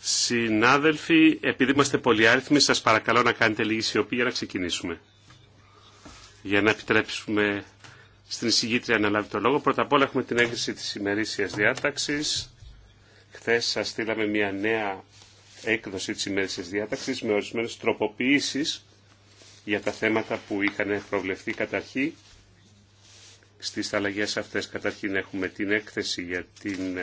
Συνάδελφοι, επειδή είμαστε πολυάριθμοι, σας παρακαλώ να κάνετε λίγη σιωπή για να ξεκινήσουμε. Για να επιτρέψουμε στην εισηγήτρια να λάβει το λόγο. Πρώτα απ' όλα έχουμε την έγκριση της ημερήσιας διάταξης. Χθες σας στείλαμε μια νέα έκδοση της ημερήσιας διάταξης με ορισμένες τροποποιήσεις για τα θέματα που είχαν προβλεφθεί καταρχήν στις αλλαγές αυτές. Καταρχήν έχουμε την έκθεση για, την,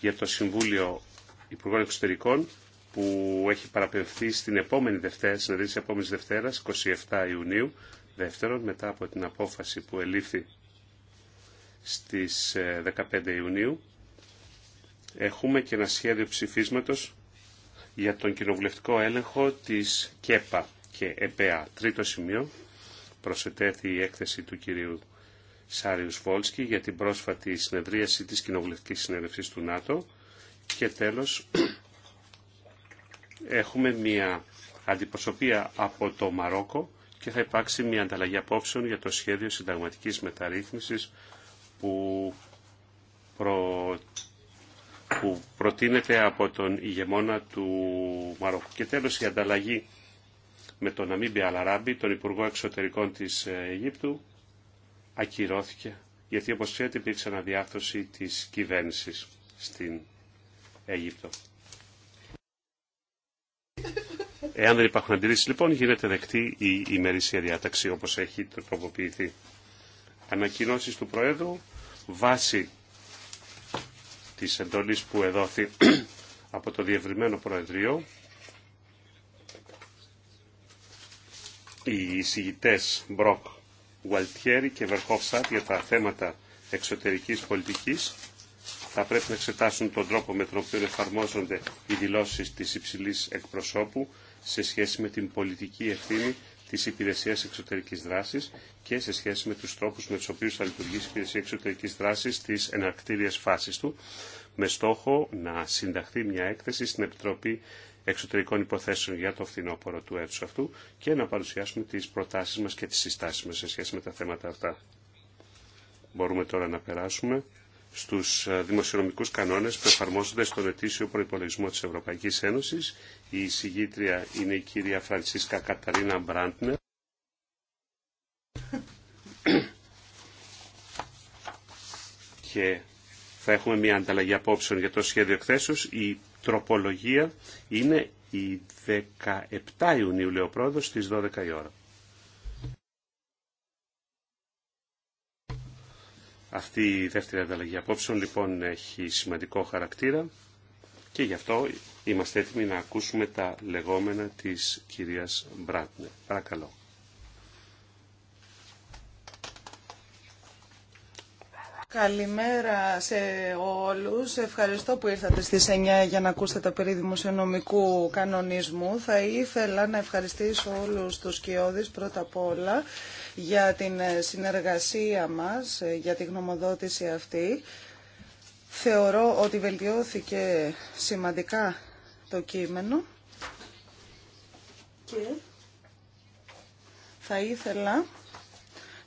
για το Συμβούλιο Υπουργών Εξωτερικών που έχει παραπευθεί στην επόμενη Δευτέρα, επόμενη Δευτέρα, 27 Ιουνίου, δεύτερον, μετά από την απόφαση που ελήφθη στις 15 ε, Ιουνίου. Έχουμε και ένα σχέδιο ψηφίσματος για τον κοινοβουλευτικό έλεγχο της ΚΕΠΑ και ΕΠΑ. Τρίτο σημείο, προσετέθη η έκθεση του κυρίου Σάριους Βόλσκι για την πρόσφατη συνεδρίαση της Κοινοβουλευτικής Συνέλευσης του ΝΑΤΟ και τέλος έχουμε μια αντιπροσωπεία από το Μαρόκο και θα υπάρξει μια ανταλλαγή απόψεων για το σχέδιο συνταγματικής μεταρρύθμισης που, προ... που προτείνεται από τον ηγεμόνα του Μαρόκου. Και τέλος η ανταλλαγή με τον Αμίμπη Αλαράμπη, τον Υπουργό Εξωτερικών της ε, Αιγύπτου, ακυρώθηκε, γιατί όπως ξέρετε υπήρξε αναδιάρθρωση της κυβέρνησης στην Αίγυπτο. Εάν δεν υπάρχουν αντιρρήσεις λοιπόν γίνεται δεκτή η ημερήσια διάταξη όπως έχει τροποποιηθεί. Ανακοινώσεις του Προέδρου βάσει της εντολής που εδόθη από το διευρυμένο Προεδρείο οι εισηγητές Μπροκ Γουαλτιέρη και Βερχόφστατ για τα θέματα εξωτερικής πολιτικής θα πρέπει να εξετάσουν τον τρόπο με τον οποίο εφαρμόζονται οι δηλώσεις της υψηλής εκπροσώπου σε σχέση με την πολιτική ευθύνη της υπηρεσίας εξωτερικής δράσης και σε σχέση με τους τρόπους με τους οποίους θα λειτουργήσει η υπηρεσία εξωτερικής δράσης στις εναρκτήριες φάσεις του με στόχο να συνταχθεί μια έκθεση στην Επιτροπή Εξωτερικών Υποθέσεων για το φθινόπωρο του έτους αυτού και να παρουσιάσουμε τις προτάσεις μας και τις συστάσεις μας σε σχέση με τα θέματα αυτά. Μπορούμε τώρα να περάσουμε στους ε, δημοσιονομικούς κανόνες που εφαρμόζονται στον ετήσιο προϋπολογισμό της Ευρωπαϊκής Ένωσης. Η συγγήτρια είναι η κυρία Φρανσίσκα Καταρίνα Μπραντνερ. και θα έχουμε μια ανταλλαγή απόψεων για το σχέδιο εκθέσεως. Η τροπολογία είναι η 17 Ιουνίου, λέει ο στις 12 η ώρα. Αυτή η δεύτερη ανταλλαγή απόψεων λοιπόν έχει σημαντικό χαρακτήρα και γι' αυτό είμαστε έτοιμοι να ακούσουμε τα λεγόμενα της κυρίας Μπράτνε. Παρακαλώ. Καλημέρα σε όλους. Ευχαριστώ που ήρθατε στις 9 για να ακούσετε τα περί δημοσιονομικού κανονισμού. Θα ήθελα να ευχαριστήσω όλους τους κοιόδης πρώτα απ' όλα για την συνεργασία μας, για τη γνωμοδότηση αυτή. Θεωρώ ότι βελτιώθηκε σημαντικά το κείμενο και θα ήθελα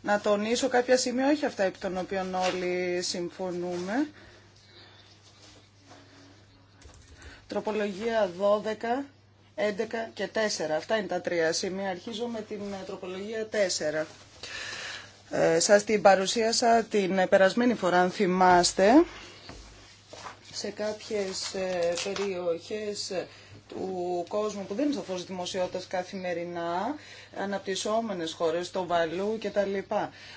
να τονίσω κάποια σημεία, όχι αυτά επί των οποίων όλοι συμφωνούμε. Τροπολογία 12, 11 και 4. Αυτά είναι τα τρία σημεία. Αρχίζω με την ε, τροπολογία 4. Ε, σας την παρουσίασα την περασμένη φορά, αν θυμάστε. Σε κάποιες ε, περιοχές ε, του κόσμου που δεν είναι στο φως δημοσιότητας καθημερινά, αναπτυσσόμενες χώρες, το Βαλού κτλ.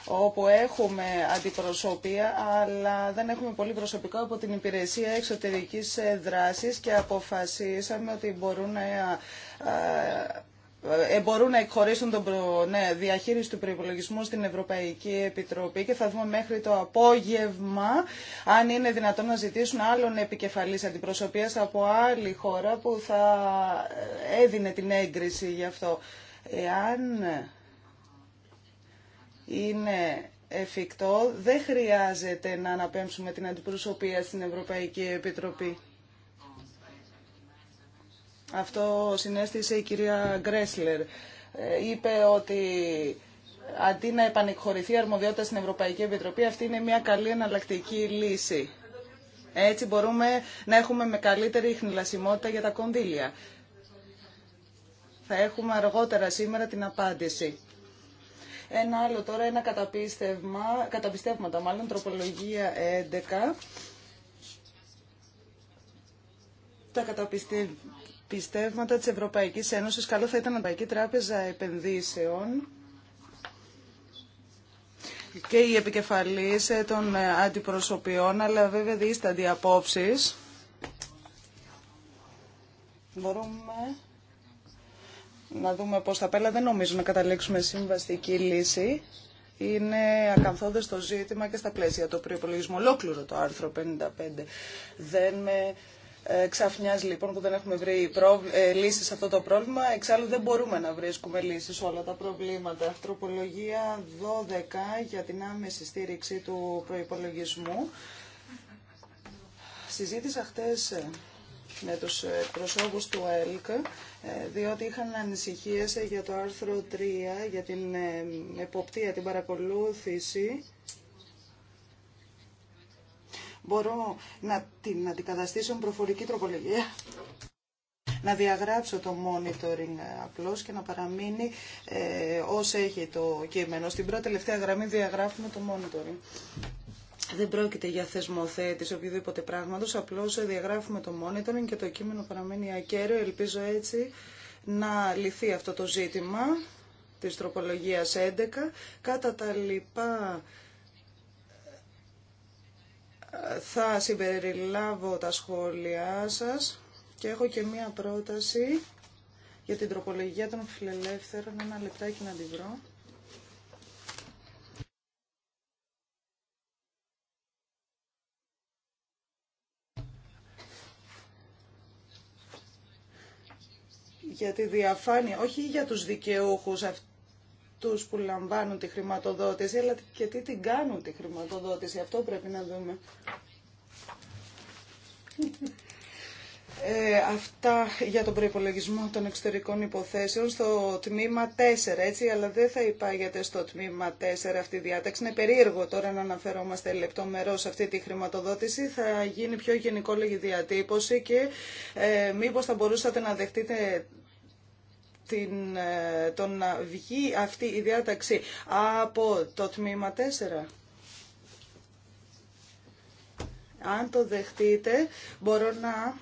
Όπου έχουμε αντιπροσωπεία, αλλά δεν έχουμε πολύ προσωπικό από την υπηρεσία εξωτερικής ε, δράσης και αποφασίσαμε ότι μπορούν να ε, ε, μπορούν να εκχωρήσουν τον ναι, διαχείριση του προπολογισμού στην Ευρωπαϊκή Επιτροπή και θα δούμε μέχρι το απόγευμα αν είναι δυνατόν να ζητήσουν άλλον επικεφαλής αντιπροσωπείας από άλλη χώρα που θα ε, έδινε την έγκριση γι' αυτό. Εάν είναι εφικτό, δεν χρειάζεται να αναπέμψουμε την αντιπροσωπεία στην Ευρωπαϊκή Επιτροπή. Αυτό συνέστησε η κυρία Γκρέσλερ. Ε, είπε ότι αντί να επανεκχωρηθεί η αρμοδιότητα στην Ευρωπαϊκή Επιτροπή, αυτή είναι μια καλή εναλλακτική λύση. Έτσι μπορούμε να έχουμε με καλύτερη χνηλασιμότητα για τα κονδύλια. Θα έχουμε αργότερα σήμερα την απάντηση. Ένα άλλο τώρα, ένα καταπίστευμα, καταπιστεύματα μάλλον, τροπολογία 11. Τα καταπιστεύματα Πιστεύματα της Ευρωπαϊκής Ένωσης. Καλό θα ήταν η Ευρωπαϊκή Τράπεζα Επενδύσεων και η επικεφαλή ε, των ε, αντιπροσωπιών, αλλά βέβαια ή απόψεις. Μπορούμε να δούμε πώς θα πέλα. Δεν νομίζω να καταλήξουμε συμβαστική λύση. Είναι ακαθόδεστο το ζήτημα και στα πλαίσια του προπολογισμού. Ολόκληρο το άρθρο 55. Δεν με ε, λοιπόν που δεν έχουμε βρει ε, λύσει σε αυτό το πρόβλημα. Εξάλλου δεν μπορούμε να βρίσκουμε λύσεις σε όλα τα προβλήματα. Τροπολογία 12 για την άμεση στήριξη του προπολογισμού. Συζήτησα χτες ε, με τους προσώπους του ΕΛΚ, ε, διότι είχαν ανησυχίε για το άρθρο 3, για την εποπτεία, την παρακολούθηση μπορώ να την αντικαταστήσω με προφορική τροπολογία. Να διαγράψω το monitoring απλώς και να παραμείνει ε, έχει το κείμενο. Στην πρώτη τελευταία γραμμή διαγράφουμε το monitoring. Δεν πρόκειται για θεσμοθέτηση οποιοδήποτε πράγματος, απλώς διαγράφουμε το monitoring και το κείμενο παραμένει ακέραιο. Ελπίζω έτσι να λυθεί αυτό το ζήτημα της τροπολογίας 11. Κατά τα λοιπά θα συμπεριλάβω τα σχόλιά σας και έχω και μία πρόταση για την τροπολογία των φιλελεύθερων. Ένα λεπτάκι να την βρω. για τη διαφάνεια, όχι για τους δικαιούχους αυτούς, τους που λαμβάνουν τη χρηματοδότηση, αλλά και τι την κάνουν τη χρηματοδότηση. Αυτό πρέπει να δούμε. Ε, αυτά για τον προπολογισμό των εξωτερικών υποθέσεων στο τμήμα 4, έτσι, αλλά δεν θα υπάγεται στο τμήμα 4 αυτή η διάταξη. Είναι περίεργο τώρα να αναφερόμαστε λεπτομερώς σε αυτή τη χρηματοδότηση. Θα γίνει πιο γενικόλογη διατύπωση και ε, μήπως θα μπορούσατε να δεχτείτε την, ε, το να βγει αυτή η διάταξη από το τμήμα 4. Αν το δεχτείτε, μπορώ να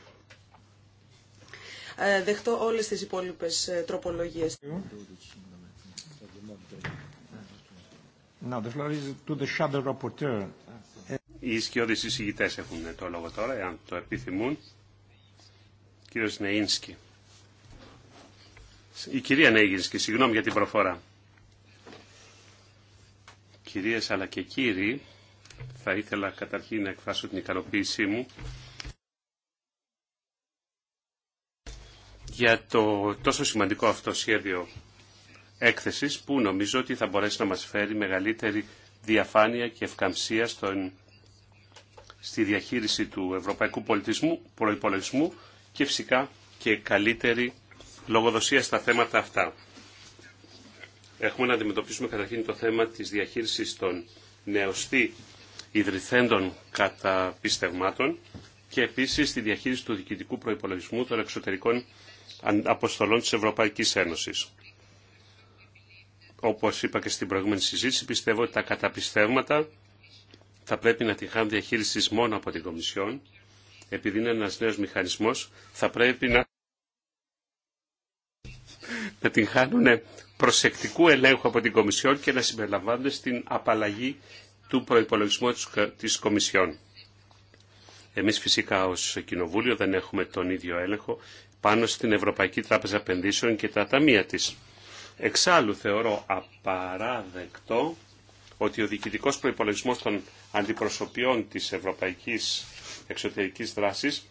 ε, δεχτώ όλες τις υπόλοιπες ε, τροπολογίες. Οι σκιώδεις εισηγητές έχουν το λόγο τώρα, εάν το επιθυμούν. Κύριος Νεΐνσκι. Η κυρία Νέγινσκη, και συγγνώμη για την προφορά. Κυρίες αλλά και κύριοι, θα ήθελα καταρχήν να εκφράσω την ικανοποίησή μου για το τόσο σημαντικό αυτό σχέδιο έκθεσης που νομίζω ότι θα μπορέσει να μας φέρει μεγαλύτερη διαφάνεια και ευκαμψία στη διαχείριση του ευρωπαϊκού πολιτισμού, προϋπολογισμού και φυσικά και καλύτερη λογοδοσία στα θέματα αυτά. Έχουμε να αντιμετωπίσουμε καταρχήν το θέμα της διαχείρισης των νεωστή ιδρυθέντων καταπιστευμάτων και επίσης τη διαχείριση του διοικητικού προϋπολογισμού των εξωτερικών αποστολών της Ευρωπαϊκής Ένωσης. Όπως είπα και στην προηγούμενη συζήτηση, πιστεύω ότι τα καταπιστεύματα θα πρέπει να τυχάνουν διαχείριση μόνο από την Κομισιόν, επειδή είναι ένας νέος μηχανισμός, θα πρέπει να να την χάνουν ε, προσεκτικού ελέγχου από την Κομισιόν και να συμπεριλαμβάνονται στην απαλλαγή του προϋπολογισμού της Κομισιόν. Εμείς φυσικά ως Κοινοβούλιο δεν έχουμε τον ίδιο έλεγχο πάνω στην Ευρωπαϊκή Τράπεζα Επενδύσεων και τα ταμεία της. Εξάλλου θεωρώ απαράδεκτο ότι ο διοικητικός προϋπολογισμός των αντιπροσωπιών της Ευρωπαϊκής Εξωτερικής Δράσης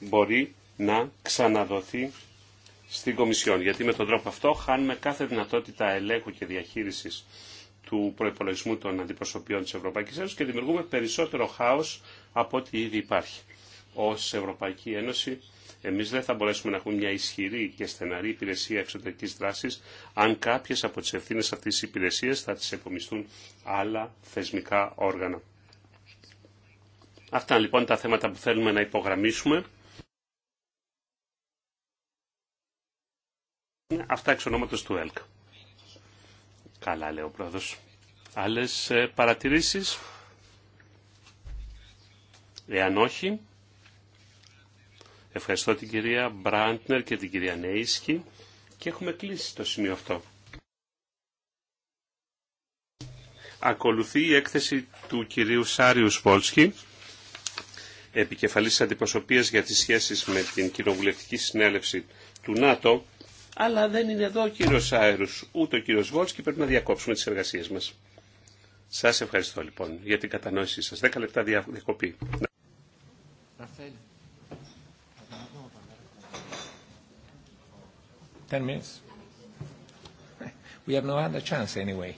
μπορεί να ξαναδοθεί στην Κομισιόν. Γιατί με τον τρόπο αυτό χάνουμε κάθε δυνατότητα ελέγχου και διαχείριση του προπολογισμού των αντιπροσωπιών τη Ευρωπαϊκή Ένωση και δημιουργούμε περισσότερο χάο από ό,τι ήδη υπάρχει. Ω Ευρωπαϊκή Ένωση εμεί δεν θα μπορέσουμε να έχουμε μια ισχυρή και στεναρή υπηρεσία εξωτερική δράση αν κάποιε από τι ευθύνε αυτή τη υπηρεσία θα τι επομιστούν άλλα θεσμικά όργανα. Αυτά λοιπόν τα θέματα που θέλουμε να υπογραμμίσουμε Αυτά εξ ονόματος του ΕΛΚ. Καλά λέει ο πρόεδρος. Άλλες ε, παρατηρήσεις. Εάν όχι, ευχαριστώ την κυρία Μπραντνερ και την κυρία Νέισκη και έχουμε κλείσει το σημείο αυτό. Ακολουθεί η έκθεση του κυρίου Σάριου Σπόλσκι, επικεφαλής αντιπροσωπείας για τις σχέσεις με την κοινοβουλευτική συνέλευση του ΝΑΤΟ, αλλά δεν είναι εδώ ο κύριο Άιρου, ούτε ο κύριο Βόλτ και πρέπει να διακόψουμε τις εργασίες μας. Σας ευχαριστώ λοιπόν για την κατανόησή σας. Δέκα λεπτά διακοπή. Ten minutes. We have no chance anyway.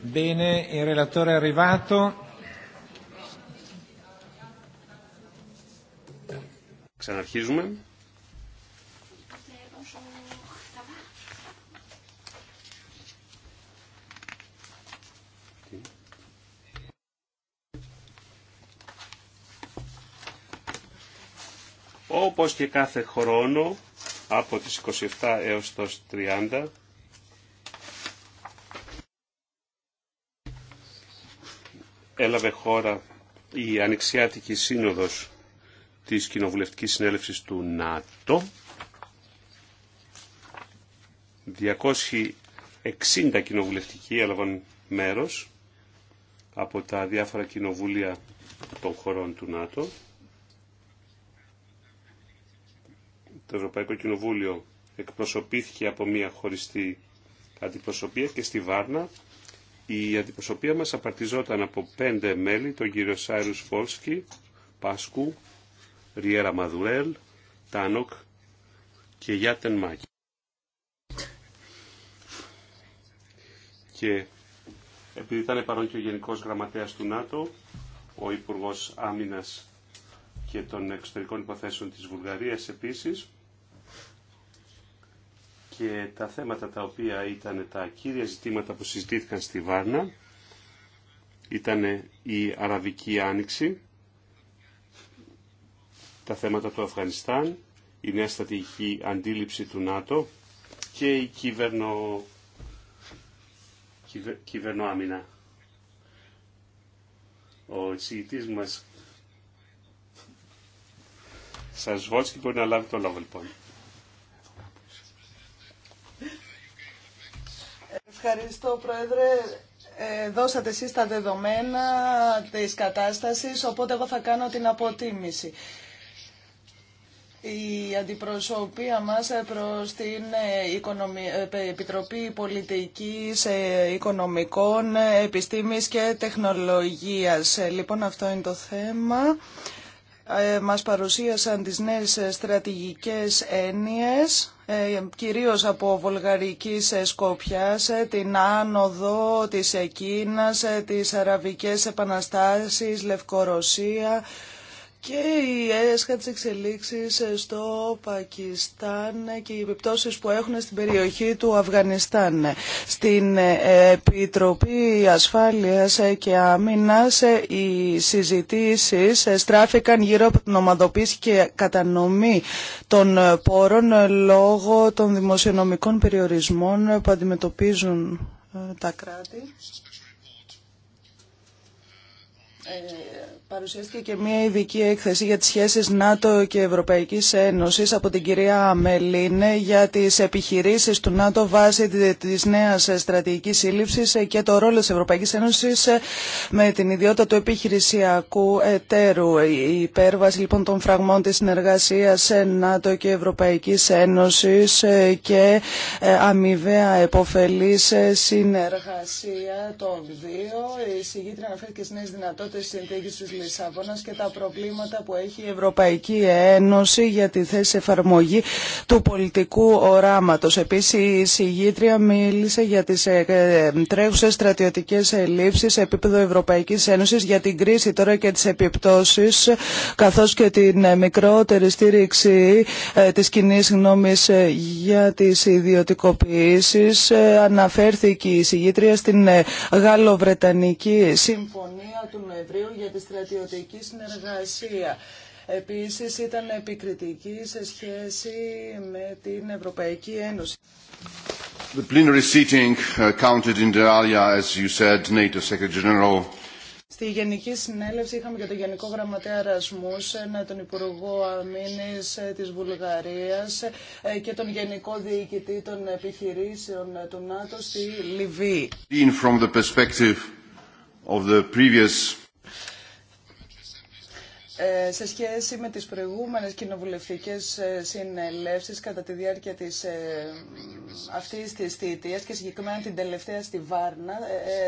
Bene, il relatore è arrivato. Ξαναρχίζουμε. Όπως και κάθε χρόνο, από τις 27 έως το 30, έλαβε χώρα η Ανοιξιάτικη Σύνοδος της Κοινοβουλευτικής Συνέλευσης του ΝΑΤΟ. 260 κοινοβουλευτικοί έλαβαν μέρος από τα διάφορα κοινοβούλια των χωρών του ΝΑΤΟ. Το Ευρωπαϊκό Κοινοβούλιο εκπροσωπήθηκε από μια χωριστή αντιπροσωπεία και στη Βάρνα η αντιπροσωπεία μας απαρτιζόταν από πέντε μέλη, τον κύριο Σάιρους Φόλσκι, Πάσκου, Ριέρα Μαδουρέλ, Τάνοκ και Γιάτεν Μάκη. Και επειδή ήταν παρόν και ο Γενικός Γραμματέας του ΝΑΤΟ, ο Υπουργός Άμυνας και των Εξωτερικών Υποθέσεων της Βουλγαρίας επίσης, και τα θέματα τα οποία ήταν τα κύρια ζητήματα που συζητήθηκαν στη Βάρνα ήταν η Αραβική Άνοιξη, τα θέματα του Αφγανιστάν, η νέα στρατηγική αντίληψη του ΝΑΤΟ και η κυβερνο... Κυβε... κυβερνοάμυνα. Ο εισηγητής μας σας Βότσκι μπορεί να λάβει το λόγο λοιπόν. Ευχαριστώ, Πρόεδρε. Ε, δώσατε εσείς τα δεδομένα της κατάστασης, οπότε εγώ θα κάνω την αποτίμηση. Η αντιπροσωπεία μας προς την ε, ε, Επιτροπή Πολιτικής ε, Οικονομικών Επιστήμης και Τεχνολογίας. Λοιπόν, αυτό είναι το θέμα. Ε, μας παρουσίασαν τις νέες στρατηγικές έννοιες, ε, κυρίως από βολγαρικής σκοπιάς, την άνοδο της Εκείνας, τις αραβικές επαναστάσεις, Λευκορωσία, και οι έσχατες στο Πακιστάν και οι επιπτώσεις που έχουν στην περιοχή του Αφγανιστάν. Στην Επιτροπή Ασφάλειας και Άμυνας οι συζητήσεις στράφηκαν γύρω από την ομαδοποίηση και κατανομή των πόρων λόγω των δημοσιονομικών περιορισμών που αντιμετωπίζουν ε, τα κράτη ε, Παρουσιάστηκε και μια ειδική έκθεση για τις σχέσεις ΝΑΤΟ και Ευρωπαϊκής Ένωσης από την κυρία Μελίνε για τις επιχειρήσεις του ΝΑΤΟ βάσει της νέας στρατηγικής σύλληψης και το ρόλο της Ευρωπαϊκής Ένωσης με την ιδιότητα του επιχειρησιακού εταίρου. Η υπέρβαση λοιπόν των φραγμών της συνεργασίας ΝΑΤΟ και Ευρωπαϊκής Ένωσης και ε, αμοιβαία επωφελή συνεργασία των δύο. Η συγκήτρια αναφέρθηκε στις νέες δυνατότητες συνθήκης Λισαβόνα και τα προβλήματα που έχει η Ευρωπαϊκή Ένωση για τη θέση εφαρμογή του πολιτικού οράματο. Επίση η συγγήτρια μίλησε για τι ε, ε, τρέχουσε στρατιωτικέ ελλείψει σε επίπεδο Ευρωπαϊκή Ένωση, για την κρίση τώρα και τι επιπτώσει, καθώ και την ε, μικρότερη στήριξη τη κοινή γνώμης για τι ιδιωτικοποιήσει. Αναφέρθηκε η συγγήτρια στην Γάλλο-Βρετανική Συμφωνία του Νοεμβρίου για τη στρατιωτική στρατιωτική συνεργασία. Επίσης ήταν επικριτική σε σχέση με την Ευρωπαϊκή Ένωση. The plenary sitting uh, counted in Dalia, as you said, NATO Secretary General Στη Γενική Συνέλευση είχαμε και τον Γενικό Γραμματέα Ρασμούσεν, τον Υπουργό Αμήνη ε, της Βουλγαρίας ε, και τον Γενικό Διοικητή των Επιχειρήσεων ε, του ΝΑΤΟ στη Λιβύη. From the perspective of the previous... Ε, σε σχέση με τις προηγούμενες κοινοβουλευτικές ε, συνελεύσεις κατά τη διάρκεια της, ε, αυτής της θητείας και συγκεκριμένα την τελευταία στη Βάρνα,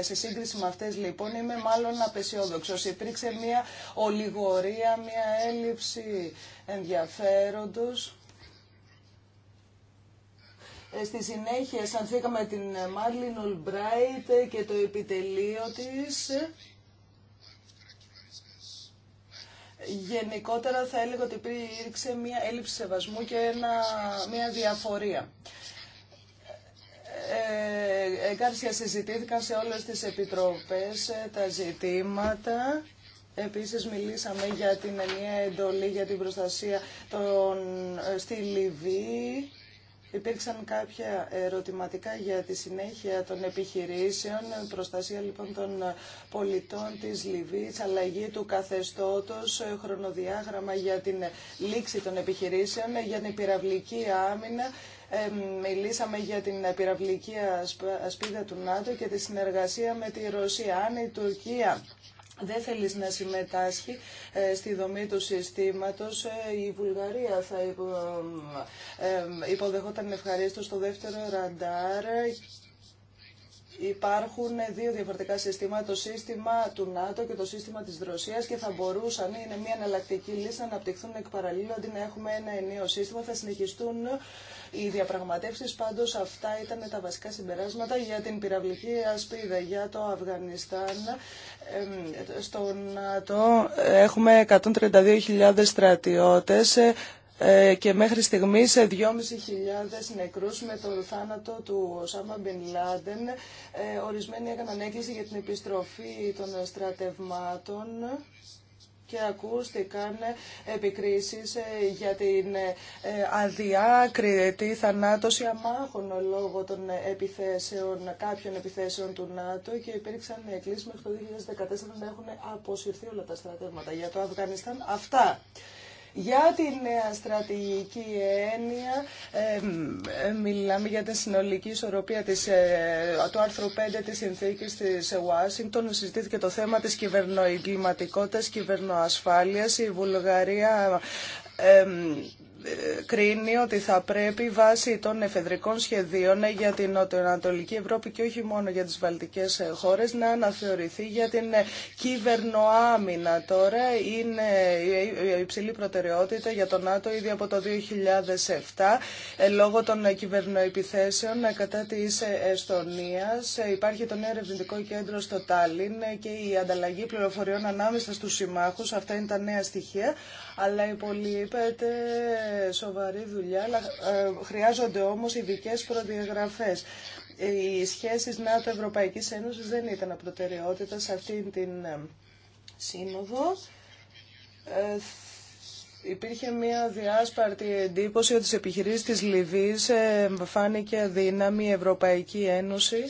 σε σύγκριση με αυτές λοιπόν είμαι μάλλον απεσιόδοξος. Υπήρξε μια ολιγορία, μια έλλειψη ενδιαφέροντος. Στη συνέχεια σανθήκαμε την Μάρλιν Ολμπράιτ και το επιτελείο της γενικότερα θα έλεγα ότι υπήρξε μία έλλειψη σεβασμού και ένα, μία διαφορία. Ε, εγκάρσια συζητήθηκαν σε όλες τις επιτροπές ε, τα ζητήματα. Επίσης μιλήσαμε για την ενιαία εντολή για την προστασία των, ε, στη Λιβύη Υπήρξαν κάποια ερωτηματικά για τη συνέχεια των επιχειρήσεων, προστασία λοιπόν των πολιτών της Λιβύης, αλλαγή του καθεστώτος, χρονοδιάγραμμα για την λήξη των επιχειρήσεων, για την πυραυλική άμυνα, ε, μιλήσαμε για την πυραυλική ασπίδα του ΝΑΤΟ και τη συνεργασία με τη Ρωσία. Αν η Τουρκία δεν θέλει να συμμετάσχει ε, στη δομή του συστήματος. Ε, η Βουλγαρία θα ε, υποδεχόταν ευχαρίστως στο δεύτερο ραντάρ Υπάρχουν δύο διαφορετικά συστήματα, το σύστημα του ΝΑΤΟ και το σύστημα της Ρωσίας και θα μπορούσαν, είναι μια εναλλακτική λύση, να αναπτυχθούν εκ παραλλήλου αντί να έχουμε ένα ενίο σύστημα. Θα συνεχιστούν οι διαπραγματεύσεις, πάντως αυτά ήταν τα βασικά συμπεράσματα για την πυραυλική ασπίδα, για το Αφγανιστάν. Στο ΝΑΤΟ έχουμε 132.000 στρατιώτες, ε, και μέχρι στιγμής 2.500 ε, νεκρούς με τον θάνατο του Οσάμα Μπιν Λάντεν. Ε, ορισμένοι έκαναν έκκληση για την επιστροφή των στρατευμάτων και ακούστηκαν επικρίσεις για την αδιάκριτη θανάτωση αμάχων λόγω των επιθέσεων, κάποιων επιθέσεων του ΝΑΤΟ και υπήρξαν εκκλήσεις μέχρι το 2014 να έχουν αποσυρθεί όλα τα στρατεύματα για το Αφγανιστάν. Αυτά. Ε, ε, ε, για τη νέα στρατηγική έννοια μιλάμε για την συνολική ισορροπία της, του άρθρου 5 της συνθήκης της Ουάσιγκτον. Συζητήθηκε το θέμα της κυβερνοεγκληματικότητας, κυβερνοασφάλειας. Η Βουλγαρία κρίνει ότι θα πρέπει βάσει των εφεδρικών σχεδίων για την Νοτιοανατολική Ευρώπη και όχι μόνο για τις Βαλτικές χώρες να αναθεωρηθεί για την κυβερνοάμυνα τώρα είναι η υψηλή προτεραιότητα για τον ΝΑΤΟ ήδη από το 2007 ε, λόγω των κυβερνοεπιθέσεων ε, κατά της Εστονίας ε, υπάρχει το νέο ερευνητικό κέντρο στο Τάλιν και η ανταλλαγή πληροφοριών ανάμεσα στους συμμάχους αυτά είναι τα νέα στοιχεία αλλά υπολείπεται σοβαρή δουλειά, αλλά ε, χρειάζονται όμως ειδικέ προδιαγραφές. Οι σχέσεις ΝΑΤΟ-Ευρωπαϊκής Ένωσης δεν ήταν προτεραιότητα σε αυτήν την ε, σύνοδο. Ε, υπήρχε μια διάσπαρτη εντύπωση ότι στις επιχειρήσεις της Λιβύης φάνηκε αδύναμη η Ευρωπαϊκή Ένωση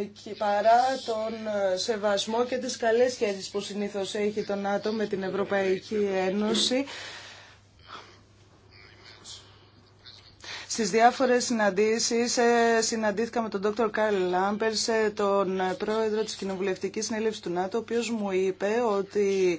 Ε, και παρά τον ε, σεβασμό και τις καλές σχέσεις που συνήθως έχει το ΝΑΤΟ με την Ευρωπαϊκή Ένωση. Στις διάφορες συναντήσεις ε, συναντήθηκα με τον Dr. Κάρλ Λάμπερς, τον πρόεδρο της Κοινοβουλευτικής Συνέλευσης του ΝΑΤΟ, ο οποίος μου είπε ότι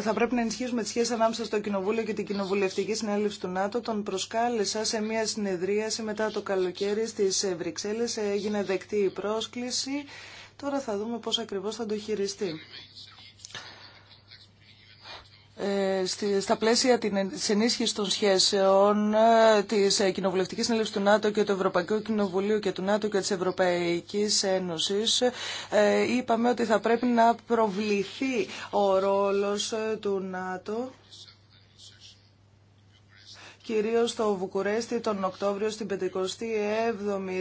θα πρέπει να ενισχύσουμε τις σχέσεις ανάμεσα στο Κοινοβούλιο και την Κοινοβουλευτική Συνέλευση του ΝΑΤΟ. Τον προσκάλεσα σε μια συνεδρίαση μετά το καλοκαίρι στις Βρυξέλλες. Έγινε δεκτή η πρόσκληση. Τώρα θα δούμε πώς ακριβώς θα το χειριστεί. Ε, στα πλαίσια της ενίσχυσης των σχέσεων ε, της ε, Κοινοβουλευτικής Συνέλευσης του ΝΑΤΟ και του Ευρωπαϊκού Κοινοβουλίου και του ΝΑΤΟ και της Ευρωπαϊκής Ένωσης είπαμε ότι θα πρέπει να προβληθεί ο ρόλος του ΝΑΤΟ κυρίως στο Βουκουρέστι τον Οκτώβριο στην 57η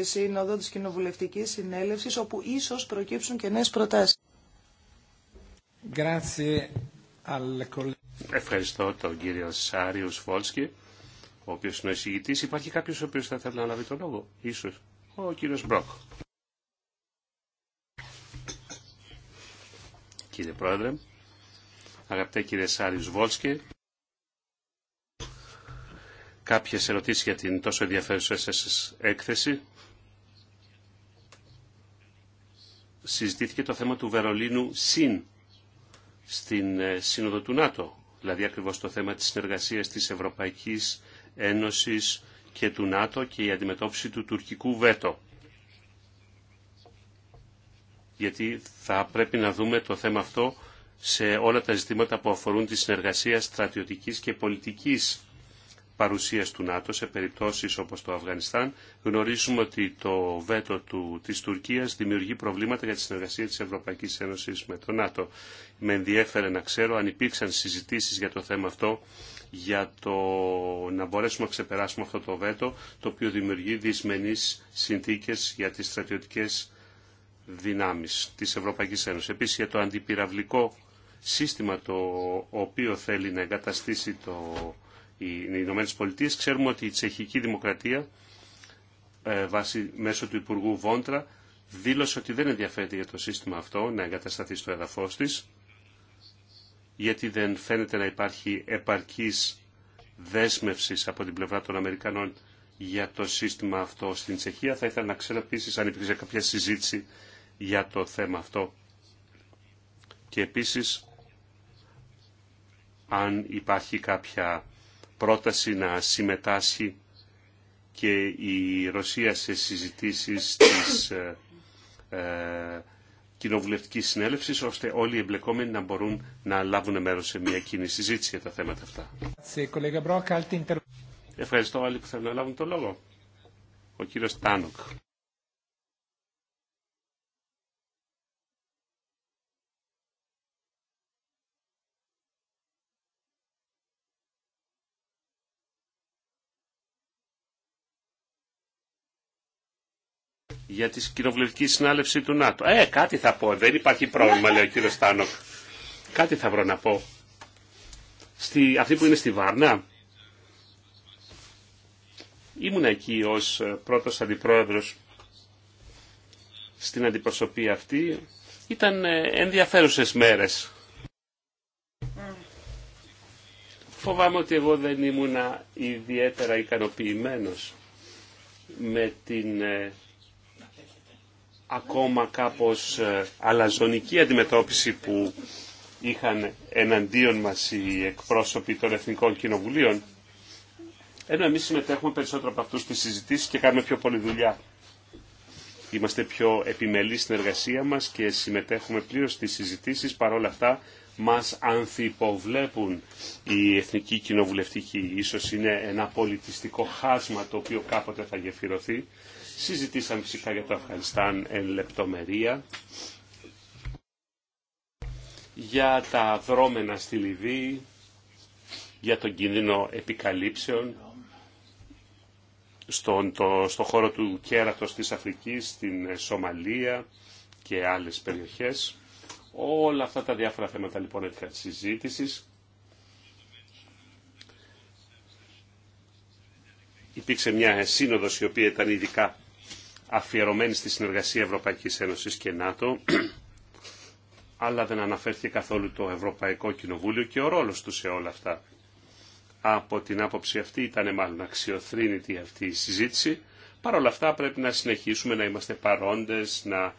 Σύνοδο της Κοινοβουλευτικής Συνέλευσης, όπου ίσως προκύψουν και νέες προτάσεις. Grazie al Ευχαριστώ τον κύριο Σάριους Βόλσκι ο οποίος είναι ο εισηγητής. Υπάρχει κάποιος ο οποίος θα θέλει να λάβει τον λόγο, ίσως. Ο κύριος Μπρόκ. Κύριε Πρόεδρε, αγαπητέ κύριε Σάριους Βόλσκι, κάποιες ερωτήσεις για την τόσο ενδιαφέρουσα σας έκθεση. Συζητήθηκε το θέμα του Βερολίνου συν στην ε, Σύνοδο του ΝΑΤΟ δηλαδή ακριβώς το θέμα της συνεργασίας της Ευρωπαϊκής Ένωσης και του ΝΑΤΟ και η αντιμετώπιση του τουρκικού βέτο. Γιατί θα πρέπει να δούμε το θέμα αυτό σε όλα τα ζητήματα που αφορούν τη συνεργασία στρατιωτικής και πολιτικής παρουσίας του ΝΑΤΟ σε περιπτώσεις όπως το Αφγανιστάν. Γνωρίζουμε ότι το βέτο του, της Τουρκίας δημιουργεί προβλήματα για τη συνεργασία της Ευρωπαϊκής Ένωσης με το ΝΑΤΟ. Με ενδιέφερε να ξέρω αν υπήρξαν συζητήσεις για το θέμα αυτό για το να μπορέσουμε να ξεπεράσουμε αυτό το βέτο το οποίο δημιουργεί δυσμενείς συνθήκες για τις στρατιωτικές δυνάμεις της Ευρωπαϊκής Ένωσης. Επίσης για το αντιπυραυλικό σύστημα το οποίο θέλει να εγκαταστήσει το οι Ηνωμένε Πολιτείε. Ξέρουμε ότι η τσεχική δημοκρατία ε, βάσει, μέσω του Υπουργού Βόντρα δήλωσε ότι δεν ενδιαφέρεται για το σύστημα αυτό να εγκατασταθεί στο έδαφος της γιατί δεν φαίνεται να υπάρχει επαρκής δέσμευσης από την πλευρά των Αμερικανών για το σύστημα αυτό στην Τσεχία. Θα ήθελα να ξέρω επίση αν υπήρξε κάποια συζήτηση για το θέμα αυτό. Και επίσης αν υπάρχει κάποια πρόταση να συμμετάσχει και η Ρωσία σε συζητήσεις της ε, ε, κοινοβουλευτικής συνέλευσης, ώστε όλοι οι εμπλεκόμενοι να μπορούν να λάβουν μέρος σε μια κοινή συζήτηση για τα θέματα αυτά. Ευχαριστώ όλοι που θέλουν να λάβουν το λόγο. Ο κύριος Τάνοκ. για τη κοινοβουλευτική συνάλευση του ΝΑΤΟ. Ε, κάτι θα πω. Δεν υπάρχει πρόβλημα, λέει ο κύριο Στάνοκ. Κάτι θα βρω να πω. Στη, αυτή που είναι στη Βάρνα, ήμουν εκεί ως ε, πρώτος αντιπρόεδρος στην αντιπροσωπεία αυτή. Ήταν ε, ενδιαφέρουσες μέρες. Φοβάμαι ότι εγώ δεν ήμουνα ιδιαίτερα ικανοποιημένος με την ε, ακόμα κάπως ε, αλαζονική αντιμετώπιση που είχαν εναντίον μας οι εκπρόσωποι των Εθνικών Κοινοβουλίων, ενώ εμείς συμμετέχουμε περισσότερο από αυτούς στις συζητήσεις και κάνουμε πιο πολλή δουλειά. Είμαστε πιο επιμελείς στην εργασία μας και συμμετέχουμε πλήρως στις συζητήσεις. παρόλα αυτά μας ανθυποβλέπουν οι εθνικοί κοινοβουλευτικοί. Ίσως είναι ένα πολιτιστικό χάσμα το οποίο κάποτε θα γεφυρωθεί Συζητήσαμε φυσικά για το Αφγανιστάν εν λεπτομερία, για τα δρόμενα στη Λιβύη, για τον κίνδυνο επικαλύψεων στον το, στο χώρο του κέρατος της Αφρικής, στην Σομαλία και άλλες περιοχές. Όλα αυτά τα διάφορα θέματα λοιπόν έτυχαν τη συζήτηση. Υπήρξε μια σύνοδος η οποία ήταν ειδικά αφιερωμένη στη συνεργασία Ευρωπαϊκής Ένωσης και ΝΑΤΟ, αλλά δεν αναφέρθηκε καθόλου το Ευρωπαϊκό Κοινοβούλιο και ο ρόλος του σε όλα αυτά. Από την άποψη αυτή ήταν μάλλον αξιοθρύνητη αυτή η συζήτηση. Παρ' όλα αυτά πρέπει να συνεχίσουμε να είμαστε παρόντες, να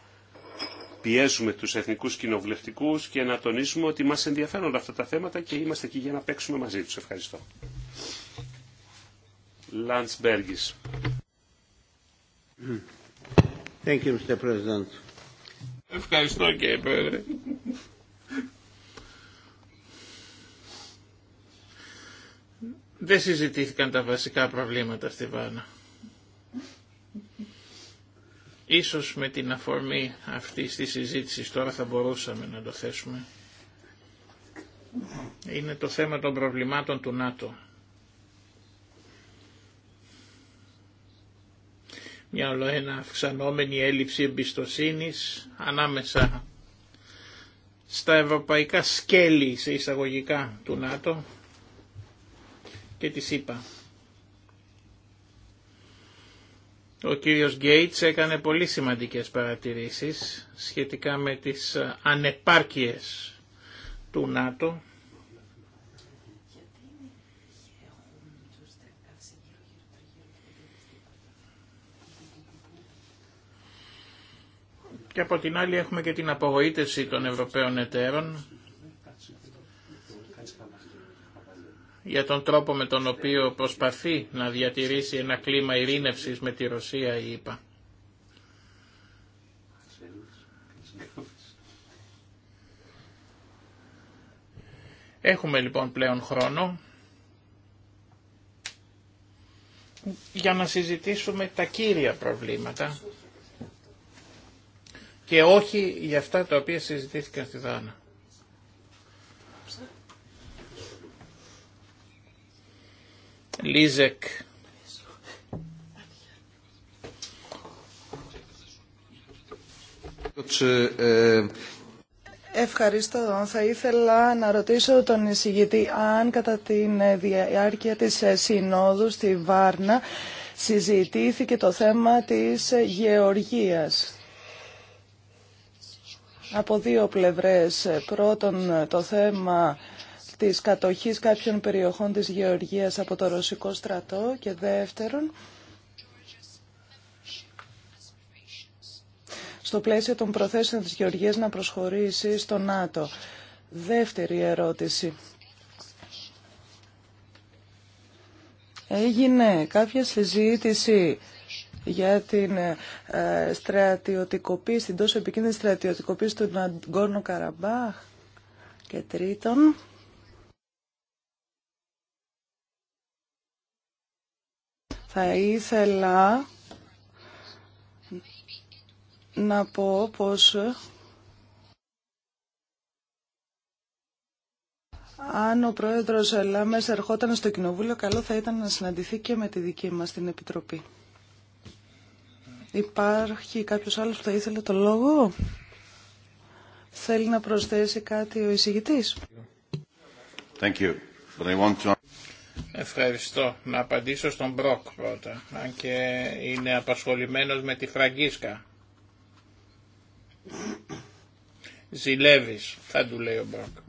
πιέζουμε τους εθνικούς κοινοβουλευτικούς και να τονίσουμε ότι μας ενδιαφέρουν αυτά τα θέματα και είμαστε εκεί για να παίξουμε μαζί τους. Ευχαριστώ. Ευχαριστώ κύριε Πρόεδρε. Δεν συζητήθηκαν τα βασικά προβλήματα στη Βάνα. Ίσως με την αφορμή αυτής της συζήτηση τώρα θα μπορούσαμε να το θέσουμε. Είναι το θέμα των προβλημάτων του ΝΑΤΟ. μια ολοένα αυξανόμενη έλλειψη εμπιστοσύνης ανάμεσα στα ευρωπαϊκά σκέλη σε εισαγωγικά του ΝΑΤΟ και της ΕΙΠΑ. Ο κύριος Γκέιτς έκανε πολύ σημαντικές παρατηρήσεις σχετικά με τις ανεπάρκειες του ΝΑΤΟ Και από την άλλη έχουμε και την απογοήτευση των Ευρωπαίων εταίρων για τον τρόπο με τον οποίο προσπαθεί να διατηρήσει ένα κλίμα ειρήνευσης με τη Ρωσία, είπα. Έχουμε λοιπόν πλέον χρόνο για να συζητήσουμε τα κύρια προβλήματα και όχι για αυτά τα οποία συζητήθηκαν στη Δάνα. Λίζεκ. Ευχαριστώ. Θα ήθελα να ρωτήσω τον εισηγητή αν κατά τη διάρκεια της συνόδου στη Βάρνα συζητήθηκε το θέμα της γεωργίας από δύο πλευρές. Πρώτον, το θέμα της κατοχής κάποιων περιοχών της Γεωργίας από το Ρωσικό στρατό και δεύτερον, στο πλαίσιο των προθέσεων της Γεωργίας να προσχωρήσει στο ΝΑΤΟ. Δεύτερη ερώτηση. Έγινε κάποια συζήτηση για την ε, ε, στρατιωτικοποίηση, την τόσο επικίνδυνη στρατιωτικοποίηση του Ναγκόρνο Καραμπάχ. Και τρίτον, θα ήθελα να πω πως αν ο πρόεδρος Λάμες ερχόταν στο Κοινοβούλιο, καλό θα ήταν να συναντηθεί και με τη δική μας την Επιτροπή. Υπάρχει κάποιος άλλος που θα ήθελε το λόγο. Θέλει να προσθέσει κάτι ο εισηγητής. Thank you. But Ευχαριστώ. Να απαντήσω στον Μπροκ πρώτα, αν και είναι απασχολημένος με τη Φραγκίσκα. Ζηλεύεις, θα του λέει ο Μπροκ.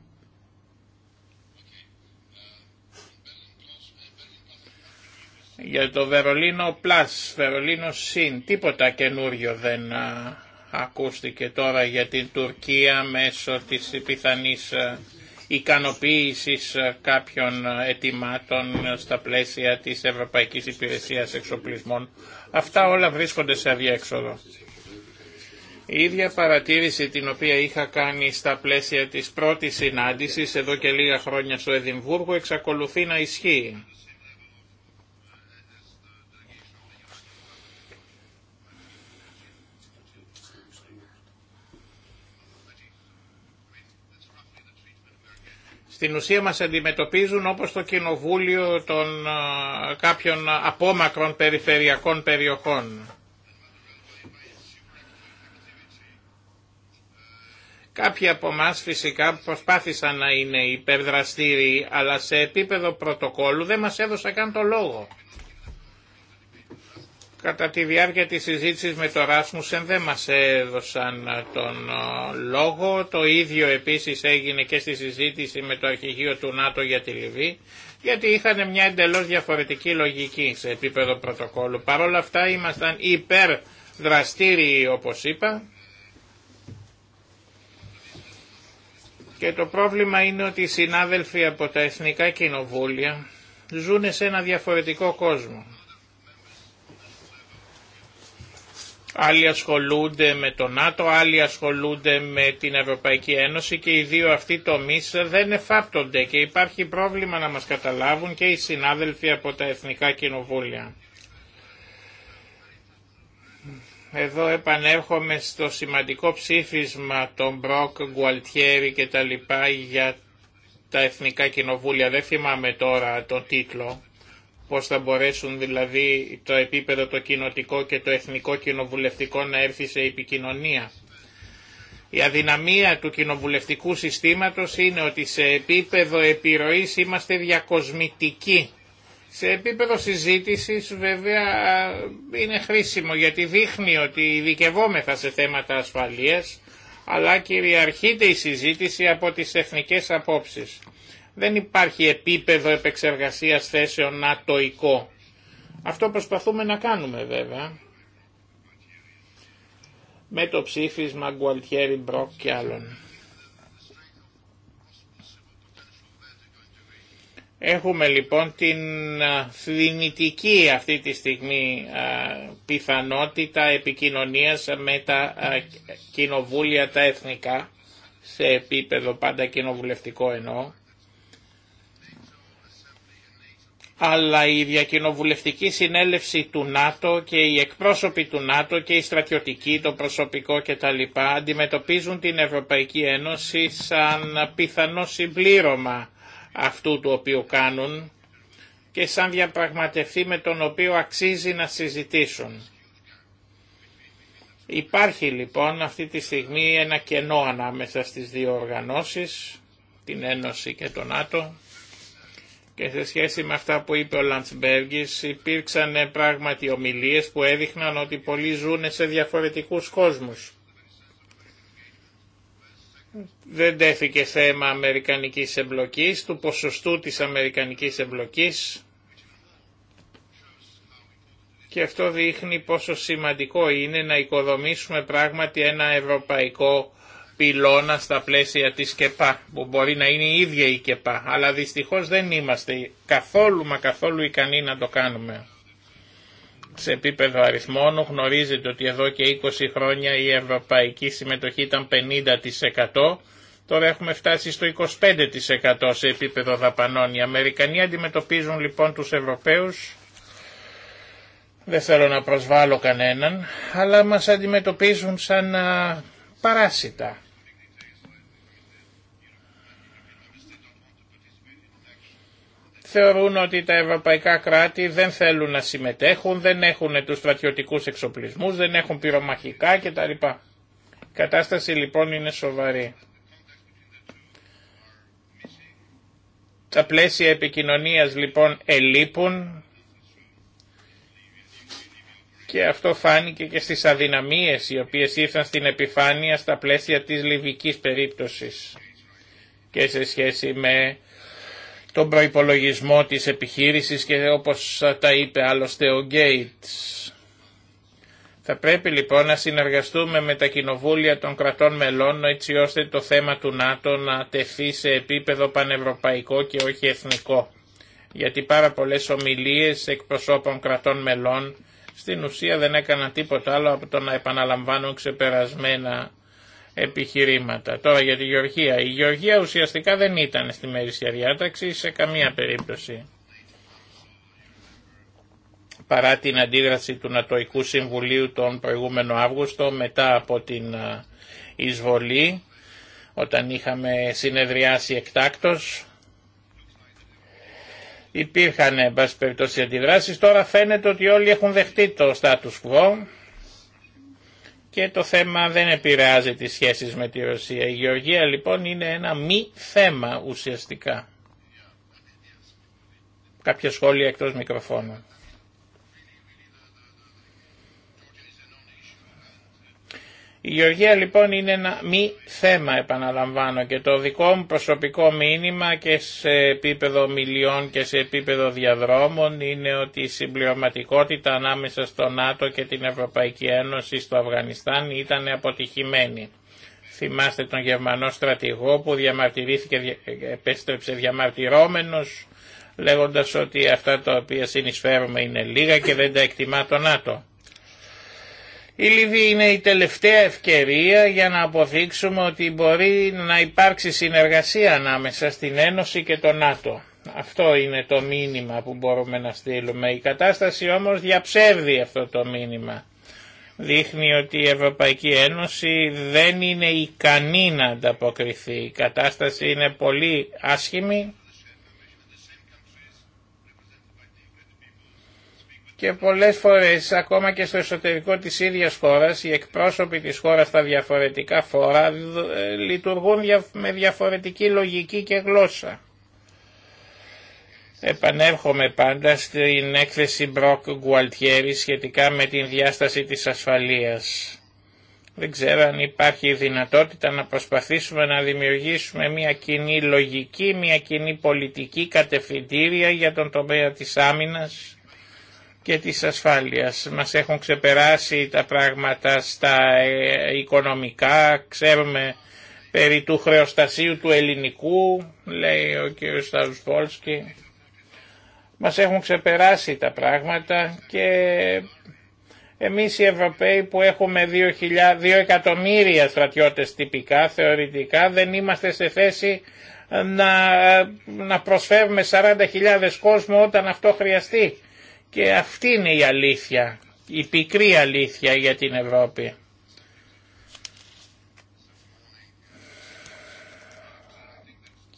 Για το Βερολίνο Plus, Βερολίνο Συν, τίποτα καινούριο δεν ακούστηκε τώρα για την Τουρκία μέσω της πιθανής ικανοποίησης κάποιων ετοιμάτων στα πλαίσια της Ευρωπαϊκής Υπηρεσίας Εξοπλισμών. Αυτά όλα βρίσκονται σε αδιέξοδο. Η ίδια παρατήρηση την οποία είχα κάνει στα πλαίσια της πρώτης συνάντησης εδώ και λίγα χρόνια στο Εδιμβούργο εξακολουθεί να ισχύει. στην ουσία μας αντιμετωπίζουν όπως το κοινοβούλιο των κάποιων απόμακρων περιφερειακών περιοχών. Κάποιοι από εμά φυσικά προσπάθησαν να είναι υπερδραστήριοι, αλλά σε επίπεδο πρωτοκόλλου δεν μας έδωσαν καν το λόγο. Κατά τη διάρκεια της συζήτησης με το Ράσμουσεν δεν μας έδωσαν ε, τον ε, λόγο. Το ίδιο επίσης έγινε και στη συζήτηση με το αρχηγείο του ΝΑΤΟ για τη Λιβύη, γιατί είχαν μια εντελώς διαφορετική λογική σε επίπεδο πρωτοκόλλου. Παρ' όλα αυτά ήμασταν υπερδραστήριοι όπως είπα. Και το πρόβλημα είναι ότι οι συνάδελφοι από τα εθνικά κοινοβούλια ζουν σε ένα διαφορετικό κόσμο. άλλοι ασχολούνται με το ΝΑΤΟ, άλλοι ασχολούνται με την Ευρωπαϊκή Ένωση και οι δύο αυτοί τομείς δεν εφάπτονται και υπάρχει πρόβλημα να μας καταλάβουν και οι συνάδελφοι από τα Εθνικά Κοινοβούλια. Εδώ επανέρχομαι στο σημαντικό ψήφισμα των Μπροκ, Γκουαλτιέρη και τα λοιπά για τα Εθνικά Κοινοβούλια. Δεν θυμάμαι τώρα τον τίτλο πώς θα μπορέσουν δηλαδή το επίπεδο το κοινοτικό και το εθνικό κοινοβουλευτικό να έρθει σε επικοινωνία. Η αδυναμία του κοινοβουλευτικού συστήματος είναι ότι σε επίπεδο επιρροής είμαστε διακοσμητικοί. Σε επίπεδο συζήτησης βέβαια είναι χρήσιμο γιατί δείχνει ότι ειδικευόμεθα σε θέματα ασφαλείας αλλά κυριαρχείται η συζήτηση από τις εθνικές απόψεις. Δεν υπάρχει επίπεδο επεξεργασίας θέσεων τοϊκό. Αυτό προσπαθούμε να κάνουμε βέβαια. Με το ψήφισμα Γκουαλτιέρη Μπροκ και άλλων. Έχουμε λοιπόν την θρηνητική αυτή τη στιγμή πιθανότητα επικοινωνίας με τα κοινοβούλια τα εθνικά, σε επίπεδο πάντα κοινοβουλευτικό εννοώ, αλλά η διακοινοβουλευτική συνέλευση του ΝΑΤΟ και οι εκπρόσωποι του ΝΑΤΟ και οι στρατιωτικοί, το προσωπικό κτλ. αντιμετωπίζουν την Ευρωπαϊκή Ένωση σαν πιθανό συμπλήρωμα αυτού του οποίου κάνουν και σαν διαπραγματευτή με τον οποίο αξίζει να συζητήσουν. Υπάρχει λοιπόν αυτή τη στιγμή ένα κενό ανάμεσα στις δύο οργανώσεις, την Ένωση και τον ΝΑΤΟ, και σε σχέση με αυτά που είπε ο Λαντσμπέργκης υπήρξαν ε, πράγματι ομιλίες που έδειχναν ότι πολλοί ζουν σε διαφορετικούς κόσμους. Δεν τέθηκε θέμα αμερικανικής εμπλοκής, του ποσοστού της αμερικανικής εμπλοκής και αυτό δείχνει πόσο σημαντικό είναι να οικοδομήσουμε πράγματι ένα ευρωπαϊκό πυλώνα στα πλαίσια της ΚΕΠΑ, που μπορεί να είναι η ίδια η ΚΕΠΑ, αλλά δυστυχώς δεν είμαστε καθόλου μα καθόλου ικανοί να το κάνουμε. Σε επίπεδο αριθμών γνωρίζετε ότι εδώ και 20 χρόνια η ευρωπαϊκή συμμετοχή ήταν 50%, τώρα έχουμε φτάσει στο 25% σε επίπεδο δαπανών. Οι Αμερικανοί αντιμετωπίζουν λοιπόν τους Ευρωπαίους δεν θέλω να προσβάλλω κανέναν, αλλά μας αντιμετωπίζουν σαν παράσιτα. θεωρούν ότι τα ευρωπαϊκά κράτη δεν θέλουν να συμμετέχουν, δεν έχουν τους στρατιωτικούς εξοπλισμούς, δεν έχουν πυρομαχικά κτλ. Η κατάσταση λοιπόν είναι σοβαρή. Τα πλαίσια επικοινωνίας λοιπόν ελείπουν και αυτό φάνηκε και στις αδυναμίες οι οποίες ήρθαν στην επιφάνεια στα πλαίσια της λιβικής περίπτωσης και σε σχέση με τον προϋπολογισμό της επιχείρησης και όπως τα είπε άλλωστε ο Γκέιτς. Θα πρέπει λοιπόν να συνεργαστούμε με τα κοινοβούλια των κρατών μελών έτσι ώστε το θέμα του ΝΑΤΟ να τεθεί σε επίπεδο πανευρωπαϊκό και όχι εθνικό. Γιατί πάρα πολλές ομιλίες εκπροσώπων κρατών μελών στην ουσία δεν έκαναν τίποτα άλλο από το να επαναλαμβάνουν ξεπερασμένα επιχειρήματα. Τώρα για τη Γεωργία. Η Γεωργία ουσιαστικά δεν ήταν στη μέρησια διάταξη σε καμία περίπτωση. Παρά την αντίδραση του Νατοϊκού Συμβουλίου τον προηγούμενο Αύγουστο μετά από την ε, εισβολή όταν είχαμε συνεδριάσει εκτάκτος υπήρχαν εν πάση περιπτώσει αντιδράσεις. Τώρα φαίνεται ότι όλοι έχουν δεχτεί το status quo και το θέμα δεν επηρεάζει τις σχέσεις με τη Ρωσία. Η Γεωργία λοιπόν είναι ένα μη θέμα ουσιαστικά. Κάποια σχόλια εκτός μικροφώνου. Η Γεωργία λοιπόν είναι ένα μη θέμα επαναλαμβάνω και το δικό μου προσωπικό μήνυμα και σε επίπεδο μιλιών και σε επίπεδο διαδρόμων είναι ότι η συμπληρωματικότητα ανάμεσα στο ΝΑΤΟ και την Ευρωπαϊκή Ένωση στο Αφγανιστάν ήταν αποτυχημένη. Θυμάστε τον Γερμανό στρατηγό που διαμαρτυρήθηκε, επέστρεψε διαμαρτυρώμενος λέγοντας ότι αυτά τα οποία συνεισφέρουμε είναι λίγα και δεν τα εκτιμά το ΝΑΤΟ. Η Λιβύη είναι η τελευταία ευκαιρία για να αποδείξουμε ότι μπορεί να υπάρξει συνεργασία ανάμεσα στην Ένωση και το ΝΑΤΟ. Αυτό είναι το μήνυμα που μπορούμε να στείλουμε. Η κατάσταση όμως διαψεύδει αυτό το μήνυμα. Δείχνει ότι η Ευρωπαϊκή Ένωση δεν είναι ικανή να ανταποκριθεί. Η κατάσταση είναι πολύ άσχημη και πολλές φορές ακόμα και στο εσωτερικό της ίδιας χώρας οι εκπρόσωποι της χώρας στα διαφορετικά φόρα ε, λειτουργούν με διαφορετική λογική και γλώσσα. Επανέρχομαι πάντα στην έκθεση Μπροκ Γκουαλτιέρη σχετικά με την διάσταση της ασφαλείας. Δεν ξέρω αν υπάρχει δυνατότητα να προσπαθήσουμε να δημιουργήσουμε μια κοινή λογική, μια κοινή πολιτική κατευθυντήρια για τον τομέα της άμυνας και της ασφάλειας. Μας έχουν ξεπεράσει τα πράγματα στα ε, οικονομικά, ξέρουμε περί του χρεοστασίου του ελληνικού, λέει ο κ. Σταουσβόλσκι. Μας έχουν ξεπεράσει τα πράγματα και εμείς οι Ευρωπαίοι που έχουμε 2 εκατομμύρια στρατιώτες τυπικά, θεωρητικά, δεν είμαστε σε θέση να, να προσφέρουμε 40.000 κόσμο όταν αυτό χρειαστεί. Και αυτή είναι η αλήθεια, η πικρή αλήθεια για την Ευρώπη.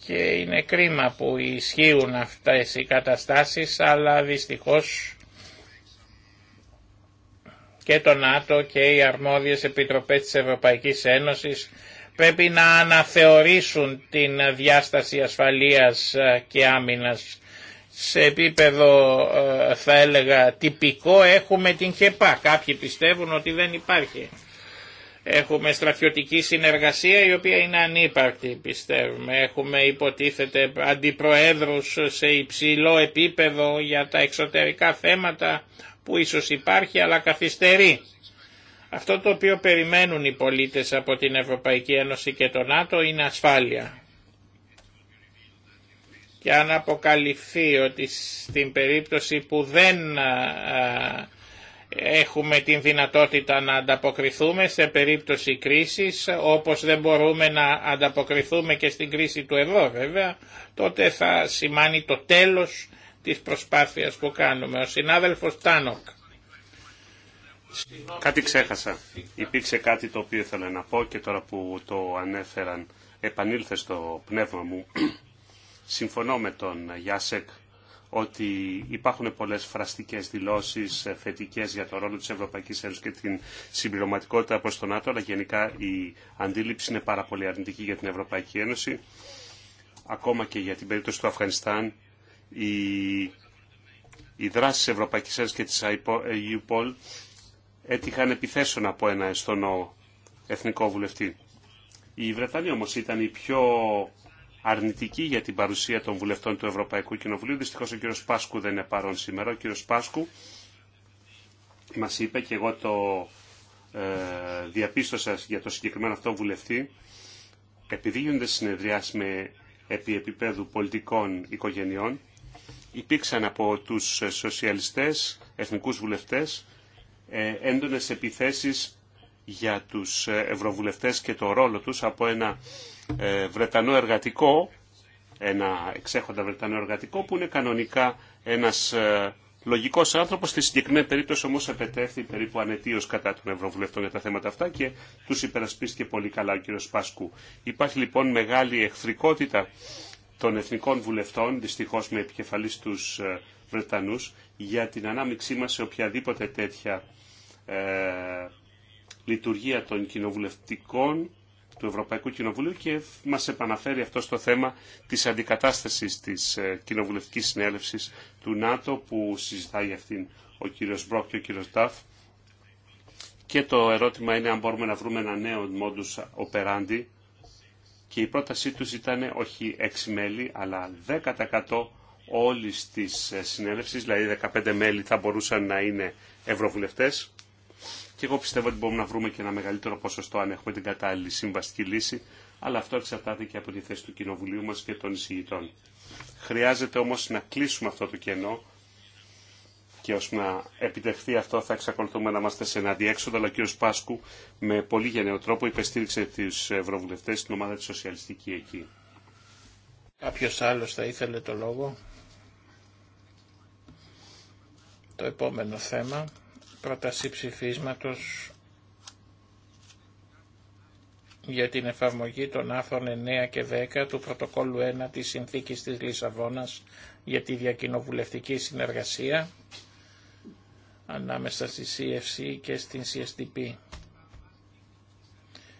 Και είναι κρίμα που ισχύουν αυτές οι καταστάσεις, αλλά δυστυχώς και το ΝΑΤΟ και οι αρμόδιες επιτροπές της Ευρωπαϊκής Ένωσης πρέπει να αναθεωρήσουν την διάσταση ασφαλείας και άμυνας σε επίπεδο ε, θα έλεγα τυπικό έχουμε την ΧΕΠΑ. Κάποιοι πιστεύουν ότι δεν υπάρχει. Έχουμε στρατιωτική συνεργασία η οποία είναι ανύπαρκτη πιστεύουμε. Έχουμε υποτίθεται αντιπροέδρους σε υψηλό επίπεδο για τα εξωτερικά θέματα που ίσως υπάρχει αλλά καθυστερεί. Αυτό το οποίο περιμένουν οι πολίτες από την Ευρωπαϊκή Ένωση και το ΝΑΤΟ είναι ασφάλεια και αν αποκαλυφθεί ότι στην περίπτωση που δεν έχουμε την δυνατότητα να ανταποκριθούμε σε περίπτωση κρίσης, όπως δεν μπορούμε να ανταποκριθούμε και στην κρίση του ευρώ βέβαια, τότε θα σημάνει το τέλος της προσπάθειας που κάνουμε. Ο συνάδελφος Τάνοκ. Κάτι ξέχασα. Υπήρξε κάτι το οποίο ήθελα να πω και τώρα που το ανέφεραν επανήλθε στο πνεύμα μου Συμφωνώ με τον Γιάσεκ ότι υπάρχουν πολλές φραστικές δηλώσεις ε, θετικές για το ρόλο της Ευρωπαϊκής Ένωσης και την συμπληρωματικότητα προς τον ΝΑΤΟ, αλλά γενικά η αντίληψη είναι πάρα πολύ αρνητική για την Ευρωπαϊκή Ένωση. Ακόμα και για την περίπτωση του Αφγανιστάν, οι η δράση της Ευρωπαϊκής Ένωσης και της EUPOL ε, έτυχαν επιθέσεων από ένα εστονό εθνικό βουλευτή. Η Βρετανία όμως ήταν η πιο αρνητική για την παρουσία των βουλευτών του Ευρωπαϊκού Κοινοβουλίου. Δυστυχώ ο κύριο Πάσκου δεν είναι παρόν σήμερα. Ο κύριο Πάσκου μα είπε και εγώ το ε, διαπίστωσα για το συγκεκριμένο αυτό βουλευτή επειδή γίνονται συνεδριάσει με επί επίπεδου πολιτικών οικογενειών υπήρξαν από τους σοσιαλιστές, εθνικού βουλευτέ, ε, έντονες επιθέσεις για τους ε, ευρωβουλευτές και το ρόλο τους από ένα ε, Βρετανό εργατικό, ένα εξέχοντα Βρετανό εργατικό που είναι κανονικά ένας ε, λογικός άνθρωπος Στη συγκεκριμένη περίπτωση όμω επετέφθη περίπου ανετίως κατά των Ευρωβουλευτών για τα θέματα αυτά και τους υπερασπίστηκε πολύ καλά ο κ. Πάσκου. Υπάρχει λοιπόν μεγάλη εχθρικότητα των εθνικών βουλευτών, δυστυχώ με επικεφαλή του ε, Βρετανούς για την ανάμειξή μα σε οποιαδήποτε τέτοια ε, λειτουργία των κοινοβουλευτικών του Ευρωπαϊκού Κοινοβουλίου και μας επαναφέρει αυτό στο θέμα της αντικατάστασης της ε, κοινοβουλευτικής συνέλευσης του ΝΑΤΟ που συζητάει αυτήν ο κύριος Μπρόκ και ο κύριος Νταφ. Και το ερώτημα είναι αν μπορούμε να βρούμε ένα νέο modus operandi και η πρότασή του ήταν όχι 6 μέλη αλλά 10% όλης της ε, συνέλευσης, δηλαδή 15 μέλη θα μπορούσαν να είναι ευρωβουλευτές και εγώ πιστεύω ότι μπορούμε να βρούμε και ένα μεγαλύτερο ποσοστό αν έχουμε την κατάλληλη συμβαστική λύση, αλλά αυτό εξαρτάται και από τη θέση του Κοινοβουλίου μας και των εισηγητών. Χρειάζεται όμως να κλείσουμε αυτό το κενό και ώστε να επιτευχθεί αυτό θα εξακολουθούμε να είμαστε σε ένα διέξοδο, αλλά ο κ. Πάσκου με πολύ γενναίο τρόπο υπεστήριξε τους ευρωβουλευτέ στην ομάδα της Σοσιαλιστική εκεί. Κάποιο άλλο θα ήθελε το λόγο. Το επόμενο θέμα πρόταση ψηφίσματος για την εφαρμογή των άρθρων 9 και 10 του Πρωτοκόλου 1 της Συνθήκης της Λισαβόνας για τη διακοινοβουλευτική συνεργασία ανάμεσα στη CFC και στην CSTP.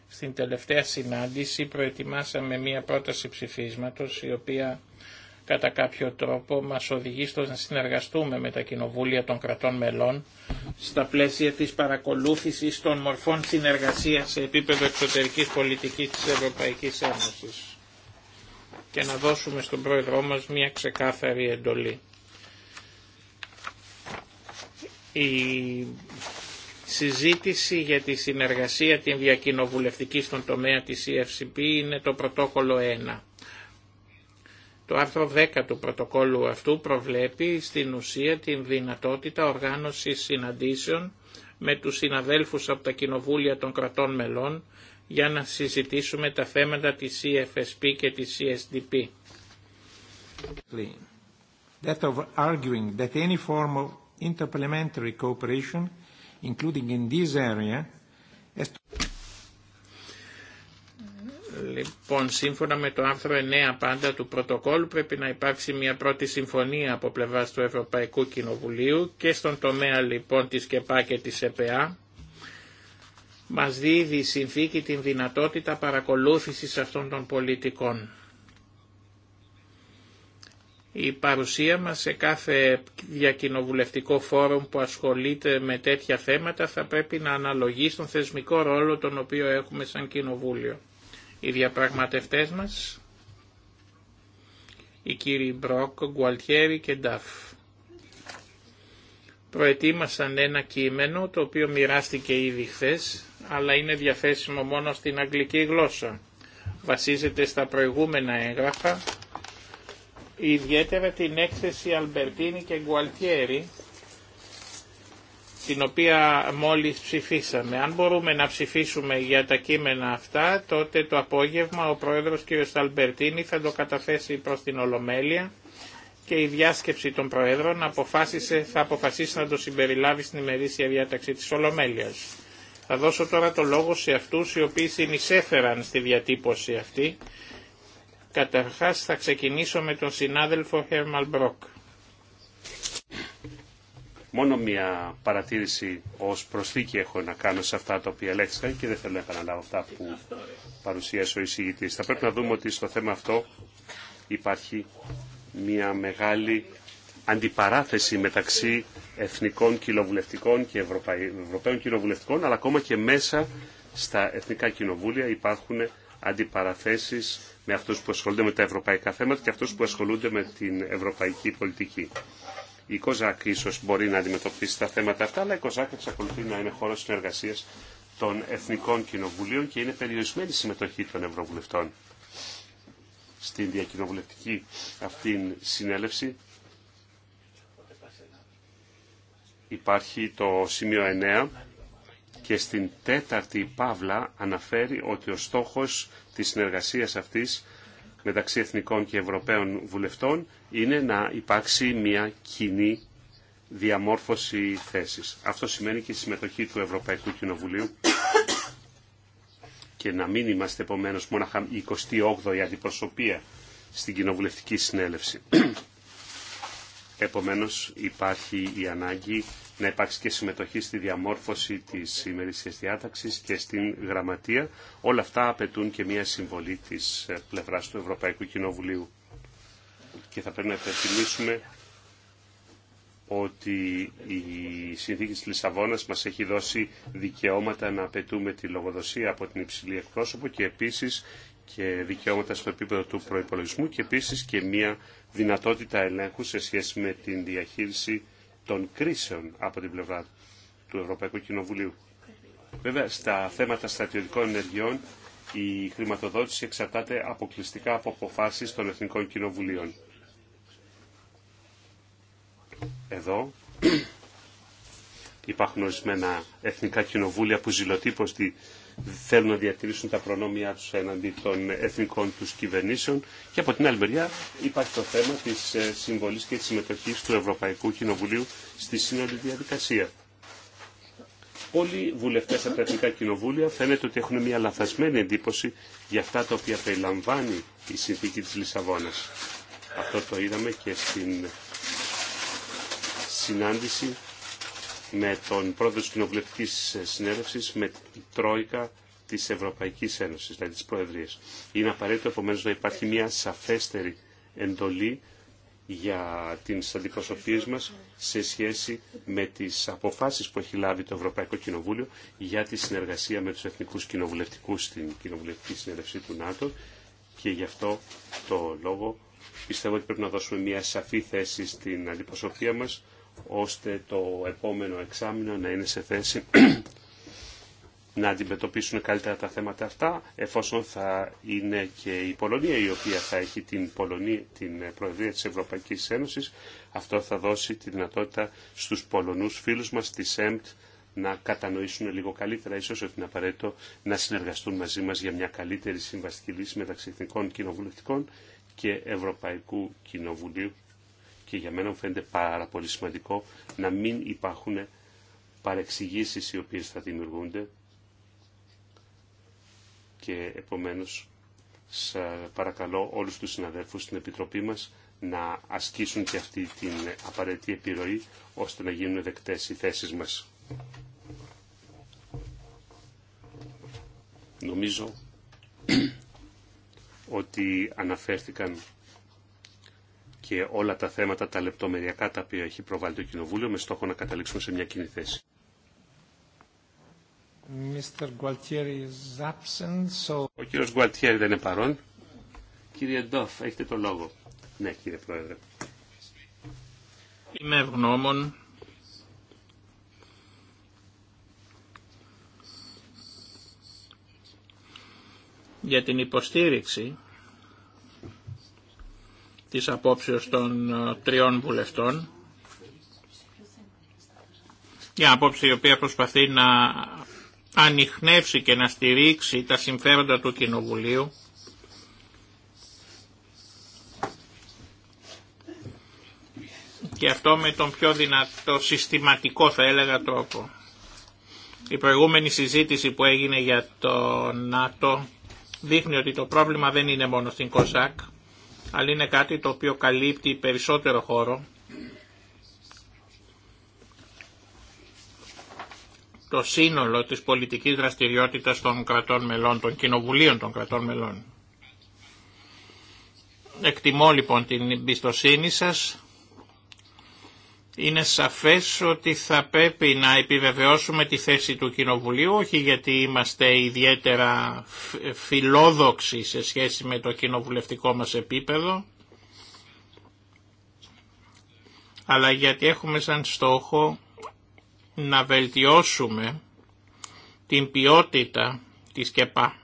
Στην τελευταία συνάντηση προετοιμάσαμε μία πρόταση ψηφίσματος η οποία κατά κάποιο τρόπο μας οδηγεί στο να συνεργαστούμε με τα κοινοβούλια των κρατών μελών στα πλαίσια της παρακολούθησης των μορφών συνεργασίας σε επίπεδο εξωτερικής πολιτικής της Ευρωπαϊκής Ένωσης και να δώσουμε στον πρόεδρό μας μια ξεκάθαρη εντολή. Η συζήτηση για τη συνεργασία την διακοινοβουλευτική στον τομέα της EFCP είναι το πρωτόκολλο 1. Το άρθρο 10 του πρωτοκόλου αυτού προβλέπει στην ουσία την δυνατότητα οργάνωσης συναντήσεων με τους συναδέλφους από τα κοινοβούλια των κρατών μελών για να συζητήσουμε τα θέματα της CFSP e και της CSDP. E that of arguing that any form of interparliamentary cooperation, including in this area, Λοιπόν, σύμφωνα με το άρθρο 9 πάντα του πρωτοκόλου πρέπει να υπάρξει μια πρώτη συμφωνία από πλευράς του Ευρωπαϊκού Κοινοβουλίου και στον τομέα λοιπόν της ΚΕΠΑ και της ΕΠΑ μας δίδει η συνθήκη την δυνατότητα παρακολούθησης αυτών των πολιτικών. Η παρουσία μας σε κάθε διακοινοβουλευτικό φόρουμ που ασχολείται με τέτοια θέματα θα πρέπει να αναλογεί στον θεσμικό ρόλο τον οποίο έχουμε σαν κοινοβούλιο οι διαπραγματευτές μας, οι κύριοι Μπρόκ, Γκουαλτιέρη και Νταφ. Προετοίμασαν ένα κείμενο το οποίο μοιράστηκε ήδη χθε, αλλά είναι διαθέσιμο μόνο στην αγγλική γλώσσα. Βασίζεται στα προηγούμενα έγγραφα, ιδιαίτερα την έκθεση Αλμπερτίνη και Γκουαλτιέρη την οποία μόλις ψηφίσαμε. Αν μπορούμε να ψηφίσουμε για τα κείμενα αυτά, τότε το απόγευμα ο Πρόεδρος κ. Σταλμπερτίνη θα το καταθέσει προς την Ολομέλεια και η διάσκεψη των Προέδρων αποφάσισε, θα αποφασίσει να το συμπεριλάβει στην ημερήσια διάταξη της Ολομέλειας. Θα δώσω τώρα το λόγο σε αυτούς οι οποίοι συνεισέφεραν στη διατύπωση αυτή. Καταρχάς θα ξεκινήσω με τον συνάδελφο Χέρμαλ Μπρόκ. Μόνο μια παρατήρηση ω προσθήκη έχω να κάνω σε αυτά τα οποία ελέγχθηκαν και δεν θέλω να επαναλάβω αυτά που παρουσίασε ο εισηγητή. Θα πρέπει να δούμε ότι στο θέμα αυτό υπάρχει μια μεγάλη αντιπαράθεση μεταξύ εθνικών κοινοβουλευτικών και ευρωπαίων κοινοβουλευτικών, αλλά ακόμα και μέσα στα εθνικά κοινοβούλια υπάρχουν αντιπαραθέσεις με αυτούς που ασχολούνται με τα ευρωπαϊκά θέματα και αυτούς που ασχολούνται με την ευρωπαϊκή πολιτική. Η ΚΟΖΑΚ ίσω μπορεί να αντιμετωπίσει τα θέματα αυτά, αλλά η ΚΟΖΑΚ εξακολουθεί να είναι χώρο συνεργασία των Εθνικών Κοινοβουλίων και είναι περιορισμένη συμμετοχή των Ευρωβουλευτών. Στην διακοινοβουλευτική αυτή συνέλευση υπάρχει το σημείο 9 και στην τέταρτη παύλα αναφέρει ότι ο στόχος της συνεργασίας αυτής μεταξύ εθνικών και ευρωπαίων βουλευτών είναι να υπάρξει μια κοινή διαμόρφωση θέσης. Αυτό σημαίνει και η συμμετοχή του Ευρωπαϊκού Κοινοβουλίου και να μην είμαστε επομένως μόνο η 28η αντιπροσωπεία στην Κοινοβουλευτική Συνέλευση. Επομένως υπάρχει η ανάγκη να υπάρξει και συμμετοχή στη διαμόρφωση της ημερήσιας διάταξης και στην γραμματεία. Όλα αυτά απαιτούν και μια συμβολή της πλευράς του Ευρωπαϊκού Κοινοβουλίου και θα πρέπει να υπενθυμίσουμε ότι η συνθήκη της Λισαβόνας μας έχει δώσει δικαιώματα να απαιτούμε τη λογοδοσία από την υψηλή εκπρόσωπο και επίσης και δικαιώματα στο επίπεδο του προϋπολογισμού και επίσης και μια δυνατότητα ελέγχου σε σχέση με την διαχείριση των κρίσεων από την πλευρά του Ευρωπαϊκού Κοινοβουλίου. Βέβαια, στα θέματα στρατιωτικών ενεργειών η χρηματοδότηση εξαρτάται αποκλειστικά από αποφάσεις των Εθνικών Κοινοβουλίων. Εδώ υπάρχουν ορισμένα εθνικά κοινοβούλια που ζηλοτύπωστοι θέλουν να διατηρήσουν τα προνόμια τους έναντι των εθνικών τους κυβερνήσεων και από την άλλη μεριά υπάρχει το θέμα της ε, συμβολής και της συμμετοχής του Ευρωπαϊκού Κοινοβουλίου στη σύνολη διαδικασία. Όλοι οι βουλευτές από τα εθνικά κοινοβούλια φαίνεται ότι έχουν μια λαθασμένη εντύπωση για αυτά τα οποία περιλαμβάνει η συνθήκη της Λισαβόνας. Αυτό το είδαμε και στην συνάντηση με τον πρόεδρο της κοινοβουλευτικής συνέλευσης, με την Τρόικα της Ευρωπαϊκής Ένωσης, δηλαδή της Προεδρίας. Είναι απαραίτητο επομένως να υπάρχει μια σαφέστερη εντολή για την αντιπροσωπείες μας σε σχέση με τις αποφάσεις που έχει λάβει το Ευρωπαϊκό Κοινοβούλιο για τη συνεργασία με τους εθνικούς κοινοβουλευτικούς στην κοινοβουλευτική συνέλευση του ΝΑΤΟ και γι' αυτό το λόγο πιστεύω ότι πρέπει να δώσουμε μια σαφή θέση στην αντιπροσωπεία μας ώστε το επόμενο εξάμεινο να είναι σε θέση να αντιμετωπίσουν καλύτερα τα θέματα αυτά, εφόσον θα είναι και η Πολωνία η οποία θα έχει την, Πολωνία, την Προεδρία της Ευρωπαϊκής Ένωσης. Αυτό θα δώσει τη δυνατότητα στους Πολωνούς φίλους μας τη ΕΜΤ να κατανοήσουν λίγο καλύτερα, ίσως ότι είναι απαραίτητο να συνεργαστούν μαζί μας για μια καλύτερη συμβαστική λύση μεταξύ Εθνικών Κοινοβουλευτικών και Ευρωπαϊκού Κοινοβουλίου και για μένα μου φαίνεται πάρα πολύ σημαντικό να μην υπάρχουν παρεξηγήσεις οι οποίες θα δημιουργούνται και επομένως παρακαλώ όλους τους συναδέλφους στην Επιτροπή μας να ασκήσουν και αυτή την απαραίτητη επιρροή ώστε να γίνουν δεκτές οι θέσεις μας. Νομίζω ότι αναφέρθηκαν και όλα τα θέματα τα λεπτομεριακά τα οποία έχει προβάλει το Κοινοβούλιο με στόχο να καταλήξουμε σε μια κοινή θέση. Ο κύριος Γκουαλτιέρη δεν είναι παρόν. Κύριε Ντόφ, έχετε το λόγο. Ναι, κύριε Πρόεδρε. Είμαι ευγνώμων για την υποστήριξη της απόψεως των ε, τριών βουλευτών. Μια απόψη η οποία προσπαθεί να ανοιχνεύσει και να στηρίξει τα συμφέροντα του Κοινοβουλίου και αυτό με τον πιο δυνατό συστηματικό θα έλεγα τρόπο. Η προηγούμενη συζήτηση που έγινε για το ΝΑΤΟ δείχνει ότι το πρόβλημα δεν είναι μόνο στην ΚΟΣΑΚ αλλά είναι κάτι το οποίο καλύπτει περισσότερο χώρο. το σύνολο της πολιτικής δραστηριότητας των κρατών μελών, των κοινοβουλίων των κρατών μελών. Εκτιμώ λοιπόν την εμπιστοσύνη σας είναι σαφές ότι θα πρέπει να επιβεβαιώσουμε τη θέση του Κοινοβουλίου, όχι γιατί είμαστε ιδιαίτερα φιλόδοξοι σε σχέση με το κοινοβουλευτικό μας επίπεδο, αλλά γιατί έχουμε σαν στόχο να βελτιώσουμε την ποιότητα της ΚΕΠΑ.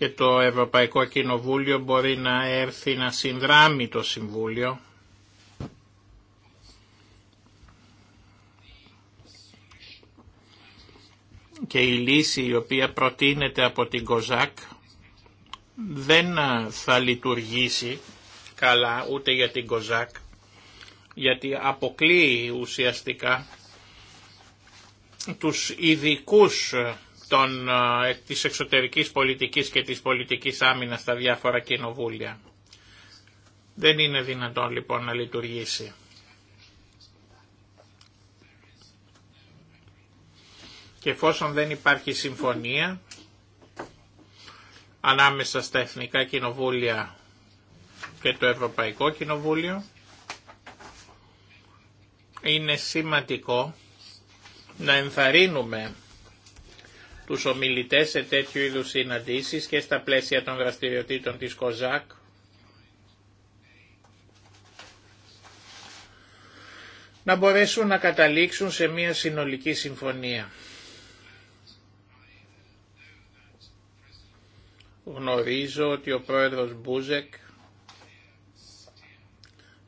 και το Ευρωπαϊκό Κοινοβούλιο μπορεί να έρθει να συνδράμει το Συμβούλιο και η λύση η οποία προτείνεται από την ΚΟΖΑΚ δεν θα λειτουργήσει καλά ούτε για την ΚΟΖΑΚ γιατί αποκλείει ουσιαστικά τους ειδικούς των, της εξωτερικής πολιτικής και της πολιτικής άμυνας στα διάφορα κοινοβούλια. Δεν είναι δυνατόν λοιπόν να λειτουργήσει. Και εφόσον δεν υπάρχει συμφωνία ανάμεσα στα Εθνικά Κοινοβούλια και το Ευρωπαϊκό Κοινοβούλιο, είναι σημαντικό να ενθαρρύνουμε τους ομιλητές σε τέτοιου είδους συναντήσεις και στα πλαίσια των δραστηριοτήτων της ΚΟΖΑΚ. να μπορέσουν να καταλήξουν σε μια συνολική συμφωνία. Γνωρίζω ότι ο πρόεδρος Μπούζεκ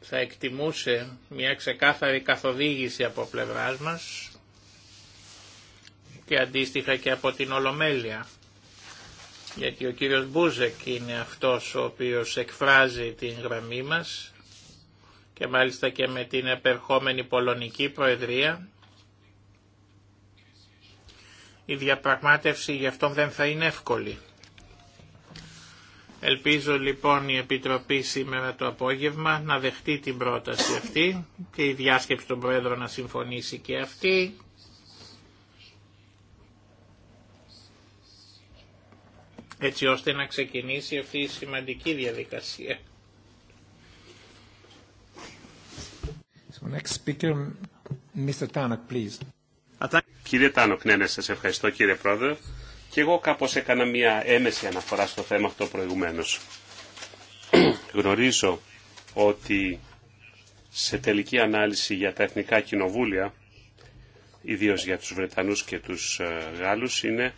θα εκτιμούσε μια ξεκάθαρη καθοδήγηση από πλευράς μας και αντίστοιχα και από την Ολομέλεια. Γιατί ο κύριος Μπούζεκ είναι αυτός ο οποίος εκφράζει την γραμμή μας και μάλιστα και με την επερχόμενη Πολωνική Προεδρία. Η διαπραγμάτευση γι' αυτό δεν θα είναι εύκολη. Ελπίζω λοιπόν η Επιτροπή σήμερα το απόγευμα να δεχτεί την πρόταση αυτή και η διάσκεψη των Προέδρων να συμφωνήσει και αυτή έτσι ώστε να ξεκινήσει αυτή η σημαντική διαδικασία. So next speaker, Mr. Tanak, please. Κύριε Τάνοκ, ναι, ναι, σας ευχαριστώ κύριε Πρόεδρε. Και εγώ κάπως έκανα μια έμεση αναφορά στο θέμα αυτό προηγουμένως. Γνωρίζω ότι σε τελική ανάλυση για τα εθνικά κοινοβούλια, ιδίως για τους Βρετανούς και τους ε, Γάλλους, είναι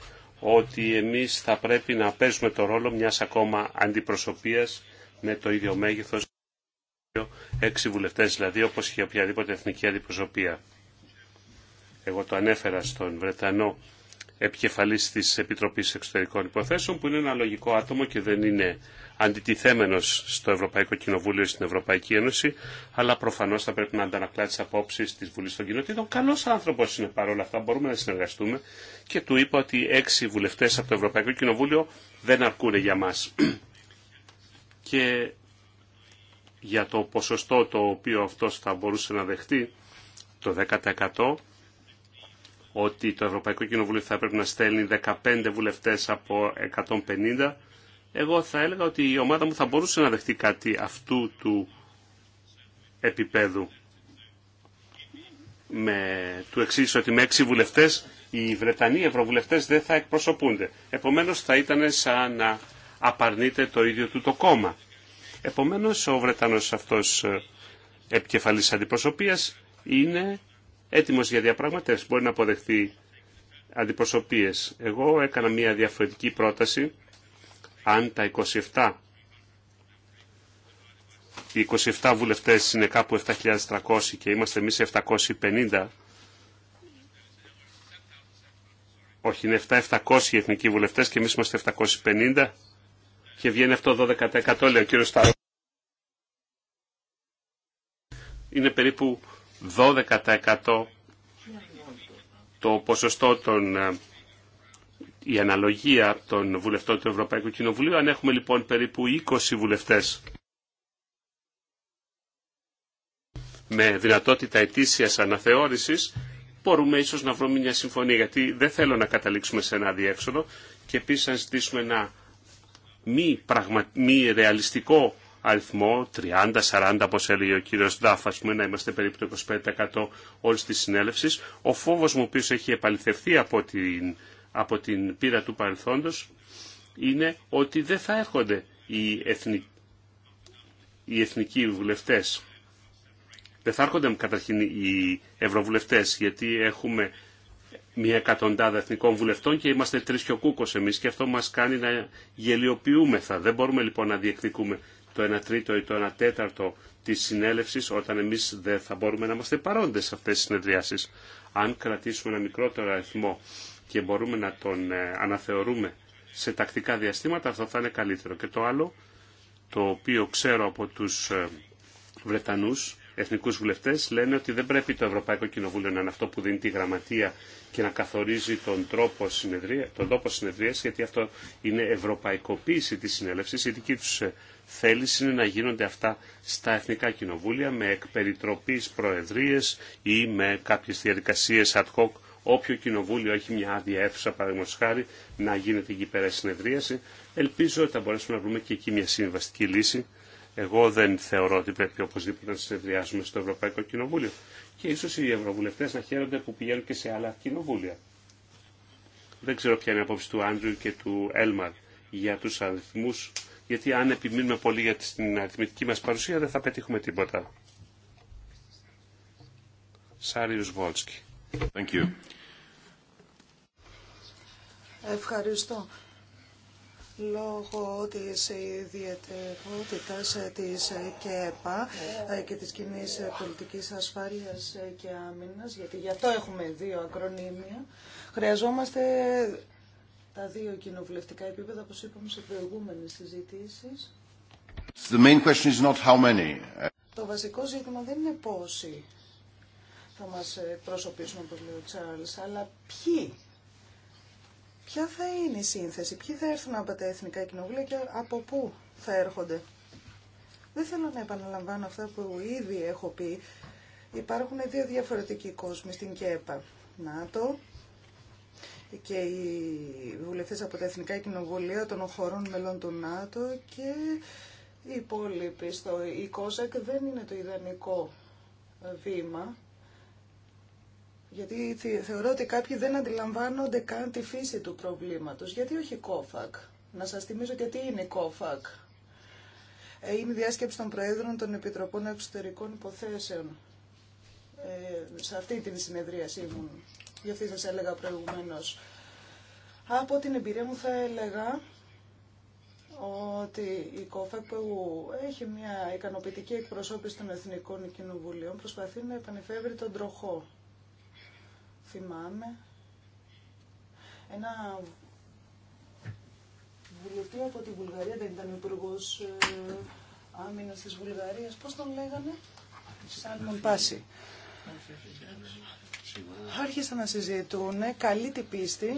ότι εμείς θα πρέπει να παίζουμε το ρόλο μιας ακόμα αντιπροσωπείας με το ίδιο μέγεθος έξι βουλευτές δηλαδή όπως και οποιαδήποτε εθνική αντιπροσωπεία. Εγώ το ανέφερα στον Βρετανό επικεφαλή τη επιτροπή Εξωτερικών Υποθέσεων που είναι ένα λογικό άτομο και δεν είναι αντιτιθέμενος στο Ευρωπαϊκό Κοινοβούλιο ή στην Ευρωπαϊκή Ένωση αλλά προφανώ θα πρέπει να αντανακλά τι απόψει τη Βουλή των Κοινοτήτων. Καλό άνθρωπο είναι παρόλα αυτά, μπορούμε να συνεργαστούμε και του είπα ότι έξι βουλευτέ από το Ευρωπαϊκό Κοινοβούλιο δεν αρκούν για μα. και για το ποσοστό το οποίο αυτό θα μπορούσε να δεχτεί το 10% ότι το Ευρωπαϊκό Κοινοβούλιο θα πρέπει να στέλνει 15 βουλευτές από 150. Εγώ θα έλεγα ότι η ομάδα μου θα μπορούσε να δεχτεί κάτι αυτού του επίπεδου. Με, του εξής ότι με έξι βουλευτές οι Βρετανοί οι ευρωβουλευτές δεν θα εκπροσωπούνται. Επομένως θα ήταν σαν να απαρνείται το ίδιο του το κόμμα. Επομένως ο Βρετανός αυτός ε, επικεφαλής αντιπροσωπείας είναι έτοιμος για διαπραγματεύσεις, μπορεί να αποδεχθεί αντιπροσωπείες. Εγώ έκανα μια διαφορετική πρόταση, αν τα 27 οι 27 βουλευτές είναι κάπου 7.300 και είμαστε εμείς 750. Όχι, είναι 7.700 οι εθνικοί βουλευτές και εμείς είμαστε 750 και βγαίνει αυτό 12% λέει ο κύριος Σταρό. Είναι περίπου 12% το ποσοστό των ε, η αναλογία των βουλευτών του Ευρωπαϊκού Κοινοβουλίου. Αν έχουμε λοιπόν περίπου 20 βουλευτές με δυνατότητα ετήσιας αναθεώρησης, μπορούμε ίσως να βρούμε μια συμφωνία, γιατί δεν θέλω να καταλήξουμε σε ένα διέξοδο και επίσης να ζητήσουμε ένα μη, πραγμα... μη ρεαλιστικό αριθμό 30-40 όπως έλεγε ο κύριος Ντάφ, πούμε να είμαστε περίπου το 25% όλη τη συνέλευσης. Ο φόβος μου ο οποίος έχει επαληθευθεί από την, από την πείρα του παρελθόντος είναι ότι δεν θα έρχονται οι, εθνικοί, οι εθνικοί βουλευτές. Δεν θα έρχονται καταρχήν οι ευρωβουλευτές γιατί έχουμε μια εκατοντάδα εθνικών βουλευτών και είμαστε τρεις και ο κούκο εμείς και αυτό μα κάνει να γελιοποιούμεθα. Δεν μπορούμε λοιπόν να διεκδικούμε το 1 τρίτο ή το 1 τέταρτο της συνέλευσης όταν εμείς δεν θα μπορούμε να είμαστε παρόντες σε αυτές τις συνεδριάσεις. Αν κρατήσουμε ένα μικρότερο αριθμό και μπορούμε να τον ε, αναθεωρούμε σε τακτικά διαστήματα αυτό θα είναι καλύτερο. Και το άλλο, το οποίο ξέρω από τους ε, Βρετανούς, εθνικούς βουλευτές, λένε ότι δεν πρέπει το Ευρωπαϊκό Κοινοβούλιο να είναι αυτό που δίνει τη γραμματεία και να καθορίζει τον, τρόπο συνεδρία, τον συνεδρίας, γιατί αυτό είναι ευρωπαϊκοποίηση της συνέλευσης. Η δική ε, θέληση είναι να γίνονται αυτά στα εθνικά κοινοβούλια με εκπεριτροπής προεδρίες ή με κάποιες διαδικασίες ad hoc όποιο κοινοβούλιο έχει μια άδεια αίθουσα παραδείγματος χάρη να γίνεται εκεί πέρα συνεδρίαση. Ελπίζω ότι θα μπορέσουμε να βρούμε και εκεί μια συμβαστική λύση. Εγώ δεν θεωρώ ότι πρέπει οπωσδήποτε να συνεδριάσουμε στο Ευρωπαϊκό Κοινοβούλιο και ίσω οι ευρωβουλευτέ να χαίρονται που πηγαίνουν και σε άλλα κοινοβούλια. Δεν ξέρω ποια είναι η απόψη του Άντριου και του Έλμαρ για του αριθμού γιατί αν επιμείνουμε πολύ για την αριθμητική μας παρουσία δεν θα πετύχουμε τίποτα. Σάριος Βόλσκι. Ευχαριστώ. Λόγω της ιδιαιτερότητας της ΚΕΠΑ και της κοινή πολιτικής ασφάλειας και άμυνας, γιατί γι' αυτό έχουμε δύο ακρονίμια, χρειαζόμαστε τα δύο κοινοβουλευτικά επίπεδα, όπως είπαμε σε προηγούμενες συζητήσεις. The main question is not how many. Το βασικό ζήτημα δεν είναι πόσοι θα μας προσωπήσουν, όπως λέει ο Τσάρλς, αλλά ποιοι. Ποια θα είναι η σύνθεση, ποιοι θα έρθουν από τα Εθνικά Κοινοβούλια και από πού θα έρχονται. Δεν θέλω να επαναλαμβάνω αυτά που ήδη έχω πει. Υπάρχουν δύο διαφορετικοί κόσμοι στην ΚΕΠΑ. ΝΑΤΟ, και οι βουλευτές από τα Εθνικά Κοινοβουλία των χωρών μελών του ΝΑΤΟ και οι υπόλοιποι στο η ΚΟΣΑΚ δεν είναι το ιδανικό βήμα γιατί θεωρώ ότι κάποιοι δεν αντιλαμβάνονται καν τη φύση του προβλήματος. Γιατί όχι ΚΟΦΑΚ. Να σας θυμίζω και τι είναι ΚΟΦΑΚ. Ε, είναι η διάσκεψη των Προέδρων των Επιτροπών Εξωτερικών Υποθέσεων. Ε, σε αυτή την συνεδρίαση ήμουν Γι' αυτή σας έλεγα προηγουμένως. Από την εμπειρία μου θα έλεγα ότι η ΚΟΦΕ που έχει μια ικανοποιητική εκπροσώπηση των Εθνικών Κοινοβουλίων προσπαθεί να επανεφεύρει τον τροχό. Θυμάμαι ένα βουλευτή από τη Βουλγαρία, δεν ήταν υπουργό ε, άμυνα τη Βουλγαρία. Πώ τον λέγανε, Σάλμον Πάση άρχισαν να συζητούν καλή την πίστη,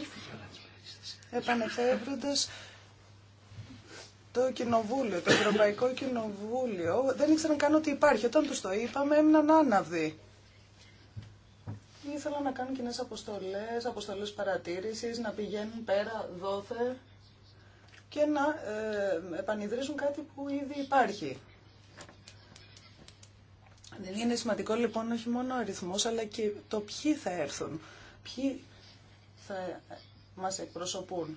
επανεφεύροντας το κοινοβούλιο, το Ευρωπαϊκό Κοινοβούλιο. Δεν ήξεραν καν ότι υπάρχει. Όταν τους το είπαμε έμειναν άναυδοι. Ήθελα να κάνουν κοινέ αποστολέ, αποστολέ παρατήρησης, να πηγαίνουν πέρα, δόθε και να ε, επανειδρύσουν κάτι που ήδη υπάρχει. Δεν Είναι σημαντικό λοιπόν όχι μόνο ο αριθμός, αλλά και το ποιοι θα έρθουν, ποιοι θα μας εκπροσωπούν.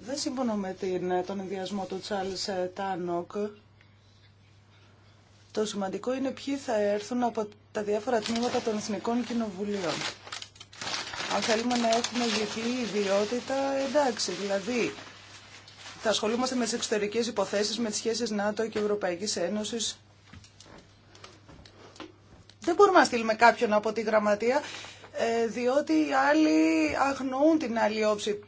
Δεν συμφωνώ με την, τον ενδιασμό του Τσάλς ε, Τάνοκ. Το σημαντικό είναι ποιοι θα έρθουν από τα διάφορα τμήματα των Εθνικών Κοινοβουλίων. Αν θέλουμε να έχουμε διπλή ιδιότητα, εντάξει, δηλαδή θα ασχολούμαστε με τι εξωτερικές υποθέσεις, με τι σχέσει ΝΑΤΟ και ευρωπαϊκή Ένωση. Δεν μπορούμε να στείλουμε κάποιον από τη γραμματεία, ε, διότι οι άλλοι αγνοούν την άλλη όψη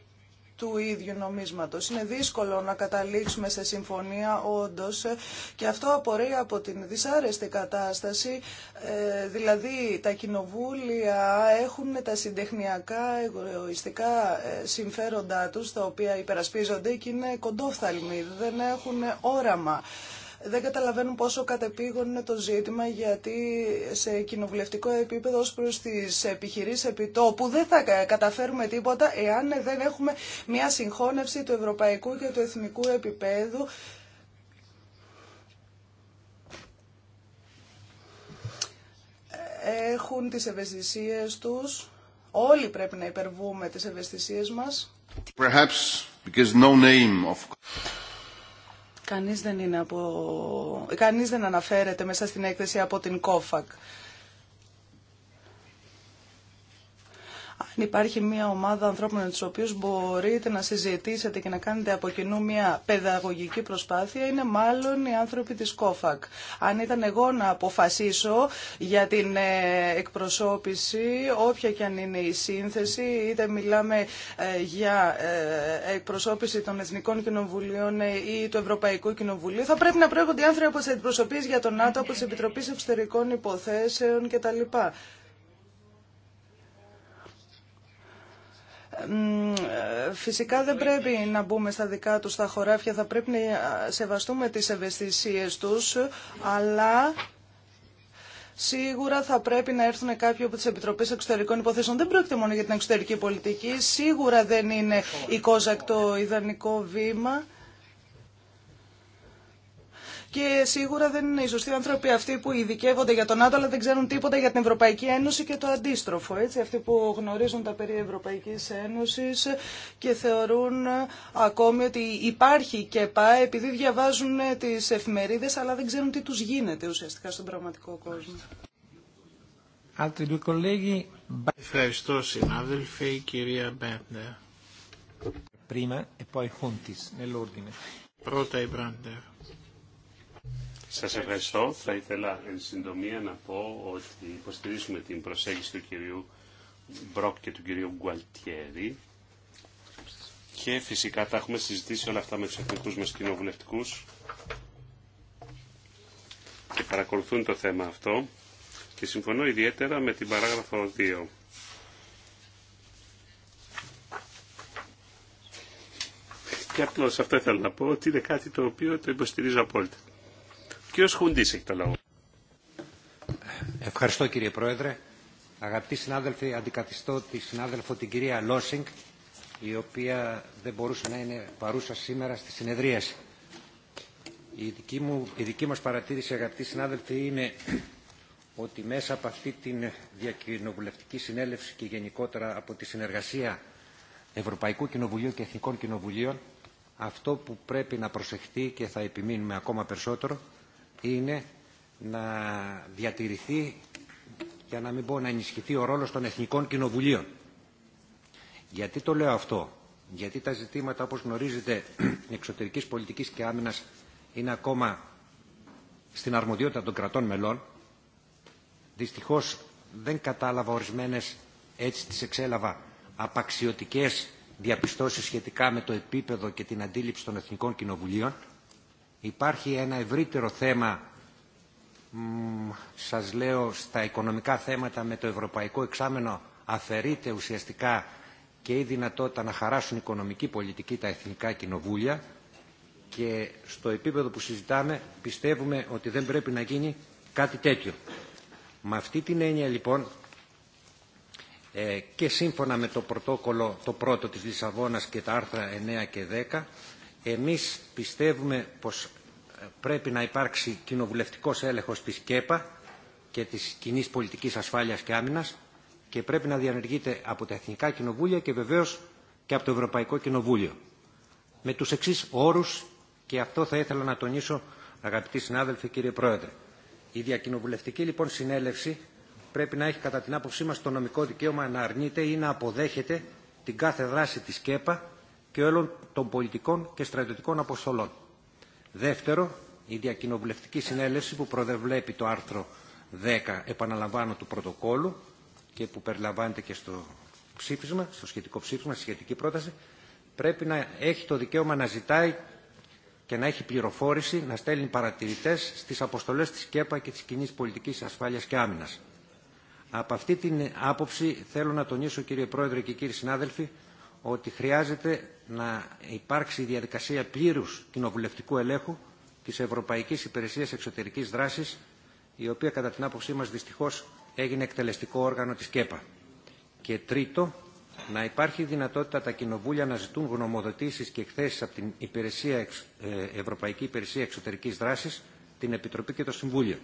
του ίδιου νομίσματος. Είναι δύσκολο να καταλήξουμε σε συμφωνία όντως ε, και αυτό απορρέει από την δυσάρεστη κατάσταση. Ε, δηλαδή τα κοινοβούλια έχουν τα συντεχνιακά εγωιστικά ε, συμφέροντά τους τα οποία υπερασπίζονται και είναι κοντόφθαλμοι, δεν έχουν όραμα δεν καταλαβαίνουν πόσο κατεπήγον είναι το ζήτημα γιατί σε κοινοβουλευτικό επίπεδο ως προς τις επιχειρήσεις επιτόπου δεν θα καταφέρουμε τίποτα εάν δεν έχουμε μια συγχώνευση του ευρωπαϊκού και του εθνικού επίπεδου έχουν τις ευαισθησίες τους. Όλοι πρέπει να υπερβούμε τις ευαισθησίες μας. Perhaps because no name of... Κανείς δεν, είναι από... Κανείς δεν αναφέρεται μέσα στην έκθεση από την ΚΟΦΑΚ. υπάρχει μια ομάδα ανθρώπων με του οποίους μπορείτε να συζητήσετε και να κάνετε από κοινού μια παιδαγωγική προσπάθεια είναι μάλλον οι άνθρωποι της ΚΟΦΑΚ. Αν ήταν εγώ να αποφασίσω για την ε, εκπροσώπηση, όποια και αν είναι η σύνθεση, είτε μιλάμε ε, για ε, εκπροσώπηση των Εθνικών Κοινοβουλίων ή του Ευρωπαϊκού Κοινοβουλίου, θα πρέπει να προέρχονται οι άνθρωποι από τι αντιπροσωπείε για τον ΝΑΤΟ, από τι Επιτροπέ Εξωτερικών Υποθέσεων κτλ. φυσικά δεν πρέπει να μπούμε στα δικά τους τα χωράφια, θα πρέπει να σεβαστούμε τις ευαισθησίες τους, αλλά Σίγουρα θα πρέπει να έρθουν κάποιοι από τι Επιτροπέ Εξωτερικών Υποθέσεων. Δεν πρόκειται μόνο για την εξωτερική πολιτική. Σίγουρα δεν είναι η Κόζακ το ιδανικό βήμα και σίγουρα δεν είναι οι σωστοί άνθρωποι αυτοί που ειδικεύονται για τον ΝΑΤΟ αλλά δεν ξέρουν τίποτα για την Ευρωπαϊκή Ένωση και το αντίστροφο. Έτσι, αυτοί που γνωρίζουν τα περί Ευρωπαϊκής Ένωσης και θεωρούν ακόμη ότι υπάρχει και πάει επειδή διαβάζουν τις εφημερίδες αλλά δεν ξέρουν τι τους γίνεται ουσιαστικά στον πραγματικό κόσμο. Ευχαριστώ συνάδελφε η κυρία Μπέντερ. E Πρώτα η σας ευχαριστώ. Θα ήθελα εν συντομία να πω ότι υποστηρίζουμε την προσέγγιση του κυρίου Μπροκ και του κυρίου Γκουαλτιέρη και φυσικά τα έχουμε συζητήσει όλα αυτά με τους εθνικούς μας κοινοβουλευτικούς και παρακολουθούν το θέμα αυτό και συμφωνώ ιδιαίτερα με την παράγραφο 2. Και απλώς αυτό ήθελα να πω ότι είναι κάτι το οποίο το υποστηρίζω απόλυτα έχει το λόγο. Ευχαριστώ κύριε Πρόεδρε. Αγαπητοί συνάδελφοι, αντικαθιστώ τη συνάδελφο την κυρία Λόσινγκ, η οποία δεν μπορούσε να είναι παρούσα σήμερα στη συνεδρίαση. Η δική, μου, μας παρατήρηση, αγαπητοί συνάδελφοι, είναι ότι μέσα από αυτή την διακοινοβουλευτική συνέλευση και γενικότερα από τη συνεργασία Ευρωπαϊκού Κοινοβουλίου και Εθνικών Κοινοβουλίων, αυτό που πρέπει να προσεχθεί και θα επιμείνουμε ακόμα περισσότερο είναι να διατηρηθεί για να μην πω να ενισχυθεί ο ρόλος των εθνικών κοινοβουλίων. Γιατί το λέω αυτό. Γιατί τα ζητήματα όπως γνωρίζετε εξωτερικής πολιτικής και άμυνας είναι ακόμα στην αρμοδιότητα των κρατών μελών. Δυστυχώς δεν κατάλαβα ορισμένες έτσι τις εξέλαβα απαξιωτικές διαπιστώσεις σχετικά με το επίπεδο και την αντίληψη των εθνικών κοινοβουλίων Υπάρχει ένα ευρύτερο θέμα, σας λέω, στα οικονομικά θέματα με το Ευρωπαϊκό Εξάμενο αφαιρείται ουσιαστικά και η δυνατότητα να χαράσουν οικονομική πολιτική τα εθνικά κοινοβούλια και στο επίπεδο που συζητάμε πιστεύουμε ότι δεν πρέπει να γίνει κάτι τέτοιο. Με αυτή την έννοια λοιπόν ε, και σύμφωνα με το πρωτόκολλο το πρώτο της Λισαβόνας και τα άρθρα 9 και 10 εμείς πιστεύουμε πως ε, πρέπει να υπάρξει κοινοβουλευτικός έλεγχος της ΚΕΠΑ και της κοινή πολιτικής ασφάλειας και άμυνας και πρέπει να διανεργείται από τα Εθνικά Κοινοβούλια και βεβαίως και από το Ευρωπαϊκό Κοινοβούλιο. Με τους εξής όρους, και αυτό θα ήθελα να τονίσω αγαπητοί συνάδελφοι κύριε Πρόεδρε, η διακοινοβουλευτική λοιπόν συνέλευση πρέπει να έχει κατά την άποψή μας το νομικό δικαίωμα να αρνείται ή να αποδέχεται την κάθε δράση της ΚΕΠΑ και όλων των πολιτικών και στρατιωτικών αποστολών. Δεύτερο, η διακοινοβουλευτική συνέλευση που προδευλέπει το άρθρο 10 επαναλαμβάνω του πρωτοκόλου και που περιλαμβάνεται και στο ψήφισμα, στο σχετικό ψήφισμα, στη σχετική πρόταση, πρέπει να έχει το δικαίωμα να ζητάει και να έχει πληροφόρηση, να στέλνει παρατηρητέ στι αποστολέ τη ΚΕΠΑ και τη κοινή πολιτική ασφάλεια και άμυνα. Από αυτή την άποψη θέλω να τονίσω, κύριε Πρόεδρε και κύριοι συνάδελφοι, ότι χρειάζεται να υπάρξει διαδικασία πλήρους κοινοβουλευτικού ελέγχου της Ευρωπαϊκής Υπηρεσίας Εξωτερικής Δράσης, η οποία κατά την άποψή μας δυστυχώς έγινε εκτελεστικό όργανο της ΚΕΠΑ. Και τρίτο, να υπάρχει δυνατότητα τα κοινοβούλια να ζητούν γνωμοδοτήσεις και εκθέσεις από την Υπηρεσία, ε, Ευρωπαϊκή Υπηρεσία Εξωτερικής Δράσης, την Επιτροπή και το Συμβούλιο.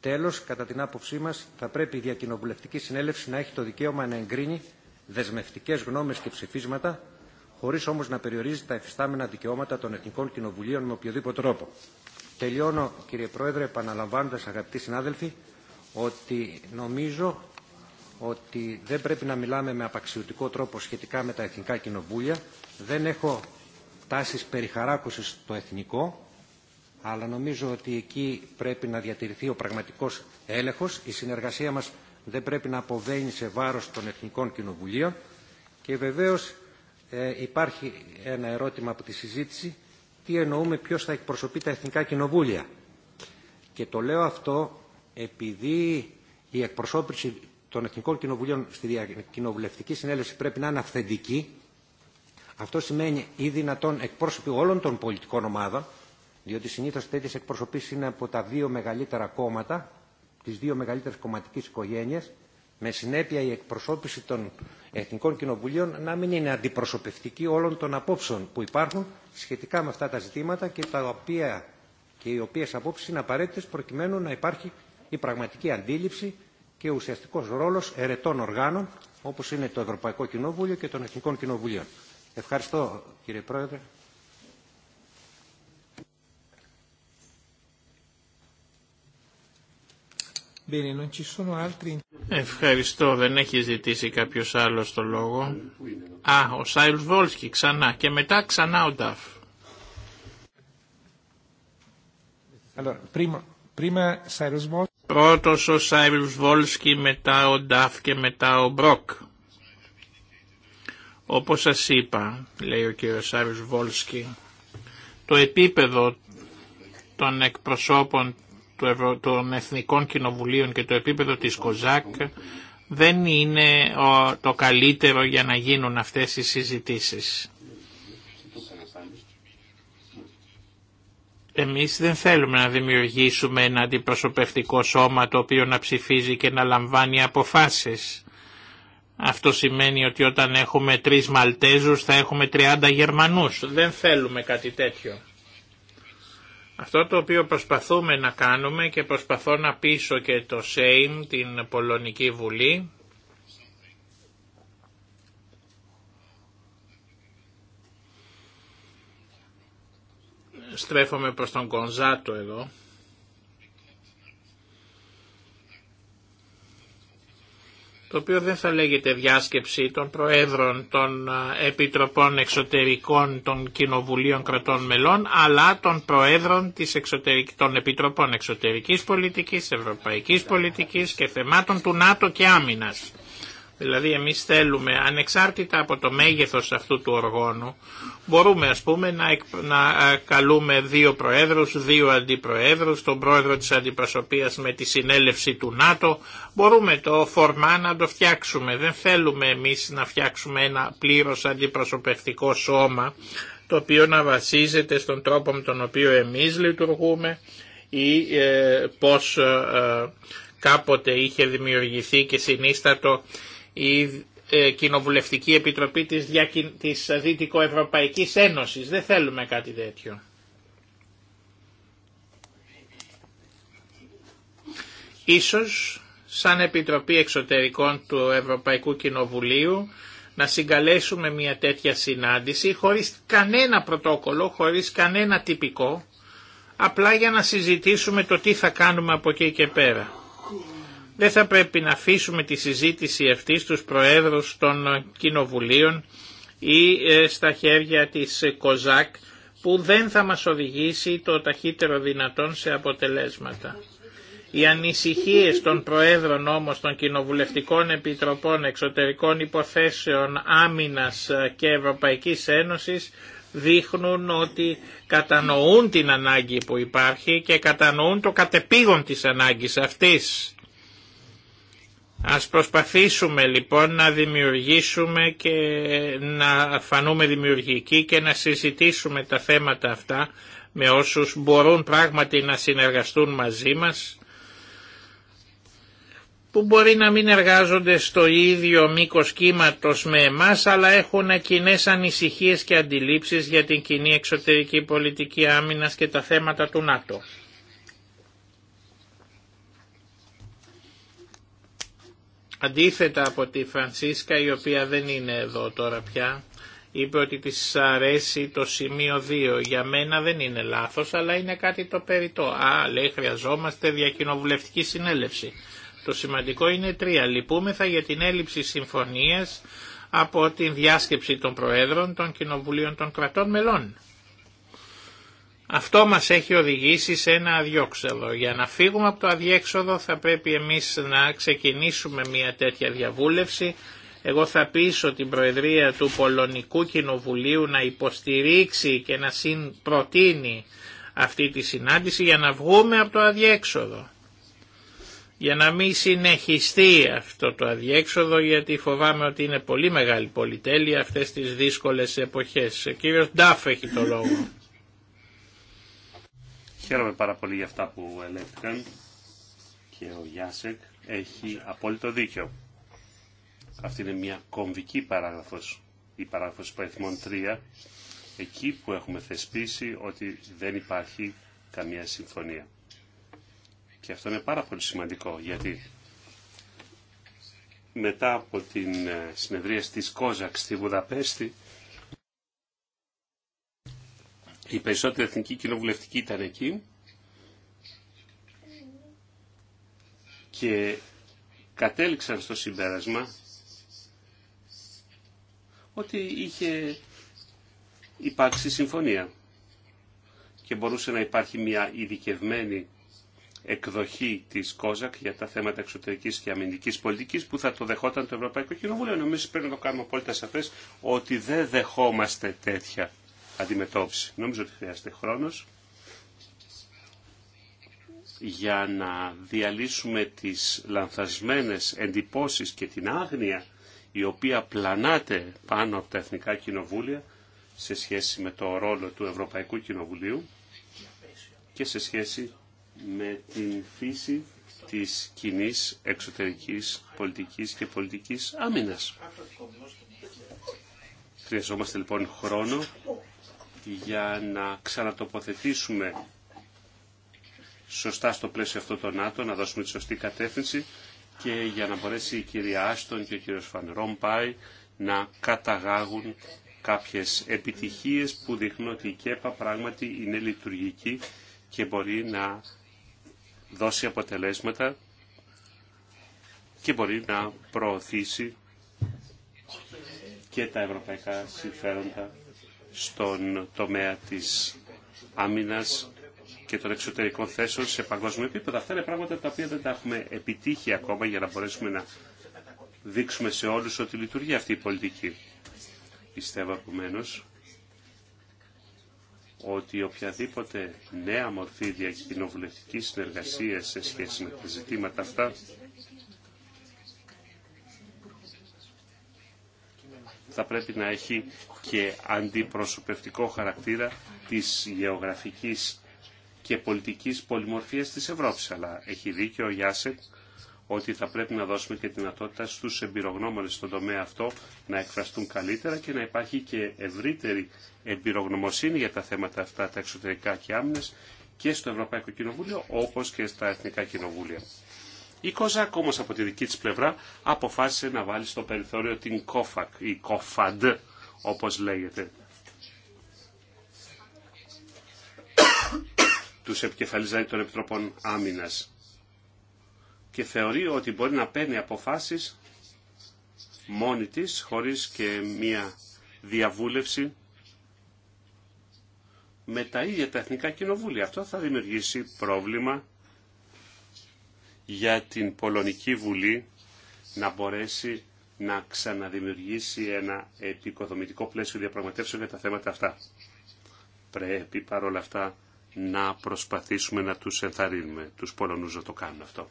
Τέλος, κατά την άποψή μας, θα πρέπει η διακοινοβουλευτική συνέλευση να έχει το δικαίωμα να εγκρίνει δεσμευτικές γνώμες και ψηφίσματα, χωρίς όμως να περιορίζει τα εφιστάμενα δικαιώματα των Εθνικών Κοινοβουλίων με οποιοδήποτε τρόπο. Τελειώνω, κύριε Πρόεδρε, επαναλαμβάνοντας, αγαπητοί συνάδελφοι, ότι νομίζω ότι δεν πρέπει να μιλάμε με απαξιωτικό τρόπο σχετικά με τα Εθνικά Κοινοβούλια. Δεν έχω τάσεις περιχαράκωσης στο εθνικό, αλλά νομίζω ότι εκεί πρέπει να διατηρηθεί ο πραγματικός έλεγχος. Η συνεργασία μας δεν πρέπει να αποβαίνει σε βάρος των εθνικών κοινοβουλίων και βεβαίως ε, υπάρχει ένα ερώτημα από τη συζήτηση τι εννοούμε ποιος θα εκπροσωπεί τα εθνικά κοινοβούλια. Και το λέω αυτό επειδή η εκπροσώπηση των εθνικών κοινοβουλίων στη κοινοβουλευτική συνέλευση πρέπει να είναι αυθεντική. Αυτό σημαίνει ή δυνατόν εκπρόσωποι όλων των πολιτικών ομάδων, διότι συνήθως τέτοιες εκπροσωπήσεις είναι από τα δύο μεγαλύτερα κόμματα τις δύο μεγαλύτερες κομματικές οικογένειες, με συνέπεια η εκπροσώπηση των Εθνικών Κοινοβουλίων να μην είναι αντιπροσωπευτική όλων των απόψεων που υπάρχουν σχετικά με αυτά τα ζητήματα και, τα οποία, και οι οποίες απόψεις είναι απαραίτητες προκειμένου να υπάρχει η πραγματική αντίληψη και ουσιαστικός ρόλος ερετών οργάνων όπως είναι το Ευρωπαϊκό Κοινοβούλιο και των Εθνικών Κοινοβουλίων. Ευχαριστώ κύριε Πρόεδρε. Ευχαριστώ, δεν έχει ζητήσει κάποιο άλλο το λόγο. Α, ο Σάιλ Βόλσκι ξανά και μετά ξανά ο Νταφ. Πρώτος ο Σάιλ Βόλσκι, μετά ο Νταφ και μετά ο Μπροκ. Όπως σας είπα, λέει ο κύριος Σάιλ Βόλσκι, το επίπεδο των εκπροσώπων των Εθνικών Κοινοβουλίων και το επίπεδο της ΚΟΖΑΚ δεν είναι το καλύτερο για να γίνουν αυτές οι συζητήσεις. Εμείς δεν θέλουμε να δημιουργήσουμε ένα αντιπροσωπευτικό σώμα το οποίο να ψηφίζει και να λαμβάνει αποφάσεις. Αυτό σημαίνει ότι όταν έχουμε τρεις Μαλτέζους θα έχουμε 30 Γερμανούς. Δεν θέλουμε κάτι τέτοιο. Αυτό το οποίο προσπαθούμε να κάνουμε και προσπαθώ να πείσω και το ΣΕΙΜ, την Πολωνική Βουλή, στρέφομαι προς τον Κονζάτο εδώ, το οποίο δεν θα λέγεται διάσκεψη των Προέδρων των Επιτροπών Εξωτερικών των Κοινοβουλίων Κρατών Μελών, αλλά των Προέδρων της των Επιτροπών Εξωτερικής Πολιτικής, Ευρωπαϊκής Πολιτικής και θεμάτων του ΝΑΤΟ και Άμυνας. Δηλαδή εμείς θέλουμε ανεξάρτητα από το μέγεθος αυτού του οργάνου μπορούμε ας πούμε να, να καλούμε δύο προέδρους, δύο αντιπροέδρους, τον πρόεδρο της αντιπροσωπείας με τη συνέλευση του ΝΑΤΟ. Μπορούμε το φορμά να το φτιάξουμε. Δεν θέλουμε εμείς να φτιάξουμε ένα πλήρως αντιπροσωπευτικό σώμα το οποίο να βασίζεται στον τρόπο με τον οποίο εμείς λειτουργούμε ή ε, πώς ε, ε, κάποτε είχε δημιουργηθεί και συνίστατο η ε, Κοινοβουλευτική Επιτροπή της, της Δυτικοευρωπαϊκής Ένωσης. Δεν θέλουμε κάτι τέτοιο. Ίσως σαν Επιτροπή Εξωτερικών του Ευρωπαϊκού Κοινοβουλίου να συγκαλέσουμε μια τέτοια συνάντηση χωρίς κανένα πρωτόκολλο, χωρίς κανένα τυπικό, απλά για να συζητήσουμε το τι θα κάνουμε από εκεί και πέρα. Δεν θα πρέπει να αφήσουμε τη συζήτηση αυτή στους προέδρους των κοινοβουλίων ή ε, στα χέρια της ΚΟΖΑΚ που δεν θα μας οδηγήσει το ταχύτερο δυνατόν σε αποτελέσματα. Οι ανησυχίες των Προέδρων όμως των Κοινοβουλευτικών Επιτροπών Εξωτερικών Υποθέσεων Άμυνας ε, και Ευρωπαϊκής Ένωσης δείχνουν ότι κατανοούν την ανάγκη που υπάρχει και κατανοούν το κατεπήγον της ανάγκης αυτής. Ας προσπαθήσουμε λοιπόν να δημιουργήσουμε και να φανούμε δημιουργικοί και να συζητήσουμε τα θέματα αυτά με όσους μπορούν πράγματι να συνεργαστούν μαζί μας που μπορεί να μην εργάζονται στο ίδιο μήκος κύματος με εμάς αλλά έχουν κοινέ ανησυχίες και αντιλήψεις για την κοινή εξωτερική πολιτική άμυνας και τα θέματα του ΝΑΤΟ. Αντίθετα από τη Φρανσίσκα η οποία δεν είναι εδώ τώρα πια, είπε ότι της αρέσει το σημείο 2. Για μένα δεν είναι λάθος, αλλά είναι κάτι το περιττό. Α, λέει χρειαζόμαστε διακοινοβουλευτική συνέλευση. Το σημαντικό είναι τρία. Λυπούμεθα για την έλλειψη συμφωνίας από την διάσκεψη των Προέδρων των Κοινοβουλίων των Κρατών Μελών. Αυτό μας έχει οδηγήσει σε ένα αδιόξελο. Για να φύγουμε από το αδιέξοδο θα πρέπει εμείς να ξεκινήσουμε μια τέτοια διαβούλευση. Εγώ θα πείσω την Προεδρία του Πολωνικού Κοινοβουλίου να υποστηρίξει και να προτείνει αυτή τη συνάντηση για να βγούμε από το αδιέξοδο. Για να μην συνεχιστεί αυτό το αδιέξοδο γιατί φοβάμαι ότι είναι πολύ μεγάλη πολυτέλεια αυτές τις δύσκολες εποχές. Ο κύριος Ντάφ έχει το λόγο. Χαίρομαι πάρα πολύ για αυτά που ελέγχθηκαν και ο Γιάσεκ έχει απόλυτο δίκιο. Αυτή είναι μια κομβική παράγραφος, η παράγραφος παριθμών 3, εκεί που έχουμε θεσπίσει ότι δεν υπάρχει καμία συμφωνία. Και αυτό είναι πάρα πολύ σημαντικό, γιατί μετά από την ε, συνεδρία της Κόζακ στη Βουδαπέστη, οι περισσότεροι εθνικοί κοινοβουλευτικοί ήταν εκεί και κατέληξαν στο συμπέρασμα ότι είχε υπάρξει συμφωνία και μπορούσε να υπάρχει μια ειδικευμένη εκδοχή της ΚΟΖΑΚ για τα θέματα εξωτερικής και αμυντικής πολιτικής που θα το δεχόταν το Ευρωπαϊκό Κοινοβούλιο. Νομίζω πρέπει να το κάνουμε απόλυτα σαφές ότι δεν δεχόμαστε τέτοια αντιμετώπιση. Νομίζω ότι χρειάζεται χρόνος για να διαλύσουμε τις λανθασμένες εντυπώσεις και την άγνοια η οποία πλανάται πάνω από τα Εθνικά Κοινοβούλια σε σχέση με το ρόλο του Ευρωπαϊκού Κοινοβουλίου και σε σχέση με την φύση της κοινή εξωτερικής πολιτικής και πολιτικής άμυνας. Χρειαζόμαστε λοιπόν χρόνο για να ξανατοποθετήσουμε σωστά στο πλαίσιο αυτό το ΝΑΤΟ, να δώσουμε τη σωστή κατεύθυνση και για να μπορέσει η κυρία Άστον και ο κύριος Φαν να καταγάγουν κάποιες επιτυχίες που δείχνουν ότι η ΚΕΠΑ πράγματι είναι λειτουργική και μπορεί να δώσει αποτελέσματα και μπορεί να προωθήσει και τα ευρωπαϊκά συμφέροντα στον τομέα της άμυνας και των εξωτερικών θέσεων σε παγκόσμιο επίπεδο. Αυτά είναι πράγματα τα οποία δεν τα έχουμε επιτύχει ακόμα για να μπορέσουμε να δείξουμε σε όλους ότι λειτουργεί αυτή η πολιτική. Πιστεύω επομένω ότι οποιαδήποτε νέα μορφή διακοινοβουλευτικής συνεργασίας σε σχέση με τα ζητήματα αυτά θα πρέπει να έχει και αντιπροσωπευτικό χαρακτήρα της γεωγραφικής και πολιτικής πολυμορφίας της Ευρώπης. Αλλά έχει δίκιο ο Γιάσετ ότι θα πρέπει να δώσουμε και τη δυνατότητα στους εμπειρογνώμονες στον τομέα αυτό να εκφραστούν καλύτερα και να υπάρχει και ευρύτερη εμπειρογνωμοσύνη για τα θέματα αυτά, τα εξωτερικά και άμυνες, και στο Ευρωπαϊκό Κοινοβούλιο όπως και στα Εθνικά Κοινοβούλια. Η Κοζάκ όμω από τη δική της πλευρά αποφάσισε να βάλει στο περιθώριο την Κόφακ ή Κόφαντ όπως λέγεται. του επικεφαλίζει των Επιτροπών Άμυνα. και θεωρεί ότι μπορεί να παίρνει αποφάσεις μόνη της χωρίς και μία διαβούλευση με τα ίδια τα εθνικά κοινοβούλια. Αυτό θα δημιουργήσει πρόβλημα για την Πολωνική Βουλή να μπορέσει να ξαναδημιουργήσει ένα επικοδομητικό πλαίσιο διαπραγματεύσεων για τα θέματα αυτά. Πρέπει παρόλα αυτά να προσπαθήσουμε να τους ενθαρρύνουμε, τους Πολωνούς να το κάνουν αυτό.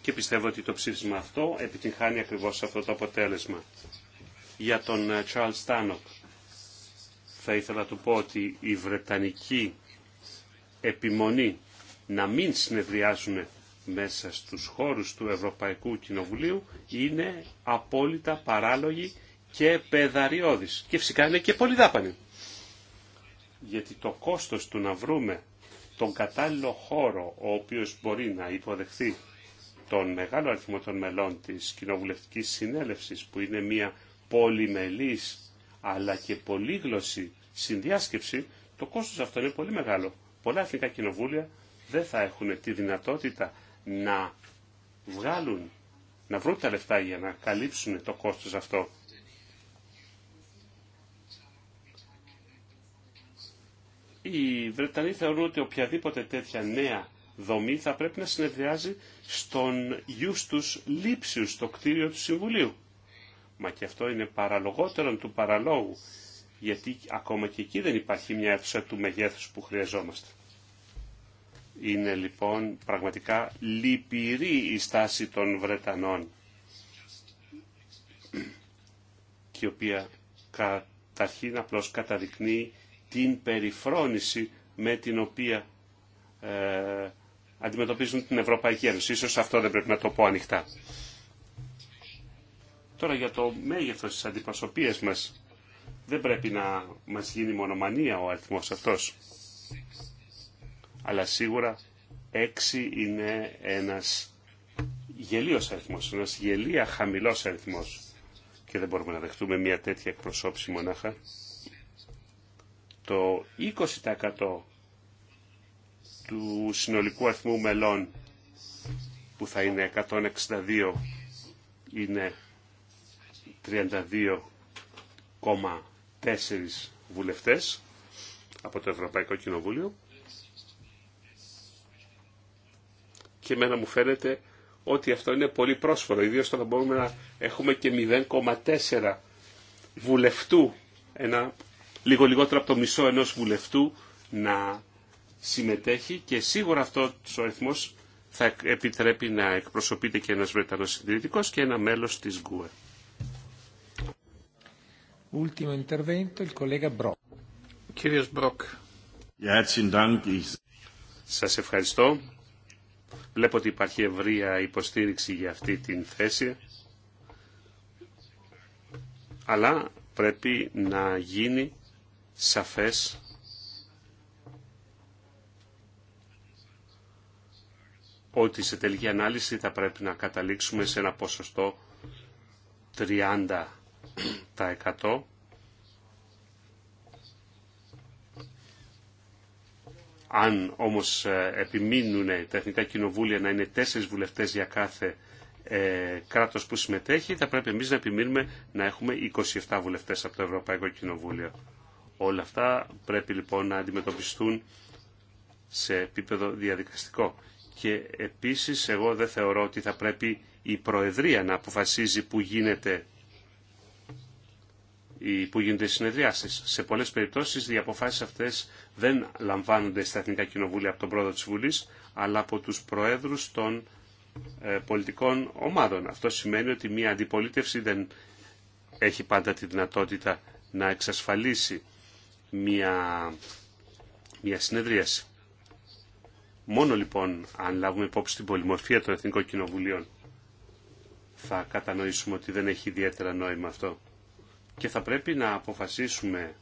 Και πιστεύω ότι το ψήφισμα αυτό επιτυγχάνει ακριβώς αυτό το αποτέλεσμα. Για τον ε, Charles Στάνοκ θα ήθελα να του πω ότι η Βρετανική επιμονή να μην συνεδριάζουν μέσα στους χώρους του Ευρωπαϊκού Κοινοβουλίου είναι απόλυτα παράλογη και πεδαριώδης. Και φυσικά είναι και πολύ Γιατί το κόστος του να βρούμε τον κατάλληλο χώρο ο οποίος μπορεί να υποδεχθεί τον μεγάλο αριθμό των μελών της Κοινοβουλευτικής Συνέλευσης που είναι μια πολυμελής αλλά και πολύγλωση συνδιάσκεψη, το κόστος αυτό είναι πολύ μεγάλο πολλά εθνικά κοινοβούλια δεν θα έχουν τη δυνατότητα να βγάλουν, να βρουν τα λεφτά για να καλύψουν το κόστος αυτό. Οι Βρετανοί θεωρούν ότι οποιαδήποτε τέτοια νέα δομή θα πρέπει να συνεδριάζει στον γιους τους λήψιους, στο κτίριο του Συμβουλίου. Μα και αυτό είναι παραλογότερον του παραλόγου, γιατί ακόμα και εκεί δεν υπάρχει μια αίθουσα του μεγέθους που χρειαζόμαστε. Είναι λοιπόν πραγματικά λυπηρή η στάση των Βρετανών και η οποία καταρχήν απλώς καταδεικνύει την περιφρόνηση με την οποία ε, αντιμετωπίζουν την Ευρωπαϊκή Ένωση. Ίσως αυτό δεν πρέπει να το πω ανοιχτά. Τώρα για το μέγεθος της αντιπροσωπείας μας δεν πρέπει να μας γίνει μονομανία ο αριθμός αυτός. Αλλά σίγουρα 6 είναι ένας γελίος αριθμός, ένας γελία χαμηλός αριθμός. Και δεν μπορούμε να δεχτούμε μια τέτοια εκπροσώπηση μονάχα. Το 20% του συνολικού αριθμού μελών που θα είναι 162 είναι 32, τέσσερις βουλευτές από το Ευρωπαϊκό Κοινοβούλιο και εμένα μου φαίνεται ότι αυτό είναι πολύ πρόσφορο, ιδίως όταν μπορούμε να έχουμε και 0,4 βουλευτού, ένα λίγο λιγότερο από το μισό ενός βουλευτού να συμμετέχει και σίγουρα αυτό ο αριθμό θα επιτρέπει να εκπροσωπείται και ένας Βρετανός συντηρητικός και ένα μέλος της ΓΚΟΕ. Ultimo Σας ευχαριστώ. Βλέπω ότι υπάρχει ευρεία υποστήριξη για αυτή την θέση. Αλλά πρέπει να γίνει σαφές ότι σε τελική ανάλυση θα πρέπει να καταλήξουμε σε ένα ποσοστό 30 τα 100 Αν όμως ε, επιμείνουν τα εθνικά κοινοβούλια να είναι τέσσερις βουλευτές για κάθε ε, κράτος που συμμετέχει, θα πρέπει εμείς να επιμείνουμε να έχουμε 27 βουλευτές από το Ευρωπαϊκό Κοινοβούλιο. Όλα αυτά πρέπει λοιπόν να αντιμετωπιστούν σε επίπεδο διαδικαστικό. Και επίσης εγώ δεν θεωρώ ότι θα πρέπει η Προεδρία να αποφασίζει που γίνεται που γίνονται συνεδριάσει. Σε πολλέ περιπτώσει οι αποφάσει αυτέ δεν λαμβάνονται στα Εθνικά Κοινοβούλια από τον πρόεδρο τη Βουλή, αλλά από του προέδρου των ε, πολιτικών ομάδων. Αυτό σημαίνει ότι μια αντιπολίτευση δεν έχει πάντα τη δυνατότητα να εξασφαλίσει μια, μια συνεδρίαση. Μόνο λοιπόν αν λάβουμε υπόψη την πολυμορφία των Εθνικών Κοινοβουλίων θα κατανοήσουμε ότι δεν έχει ιδιαίτερα νόημα αυτό και θα πρέπει να αποφασίσουμε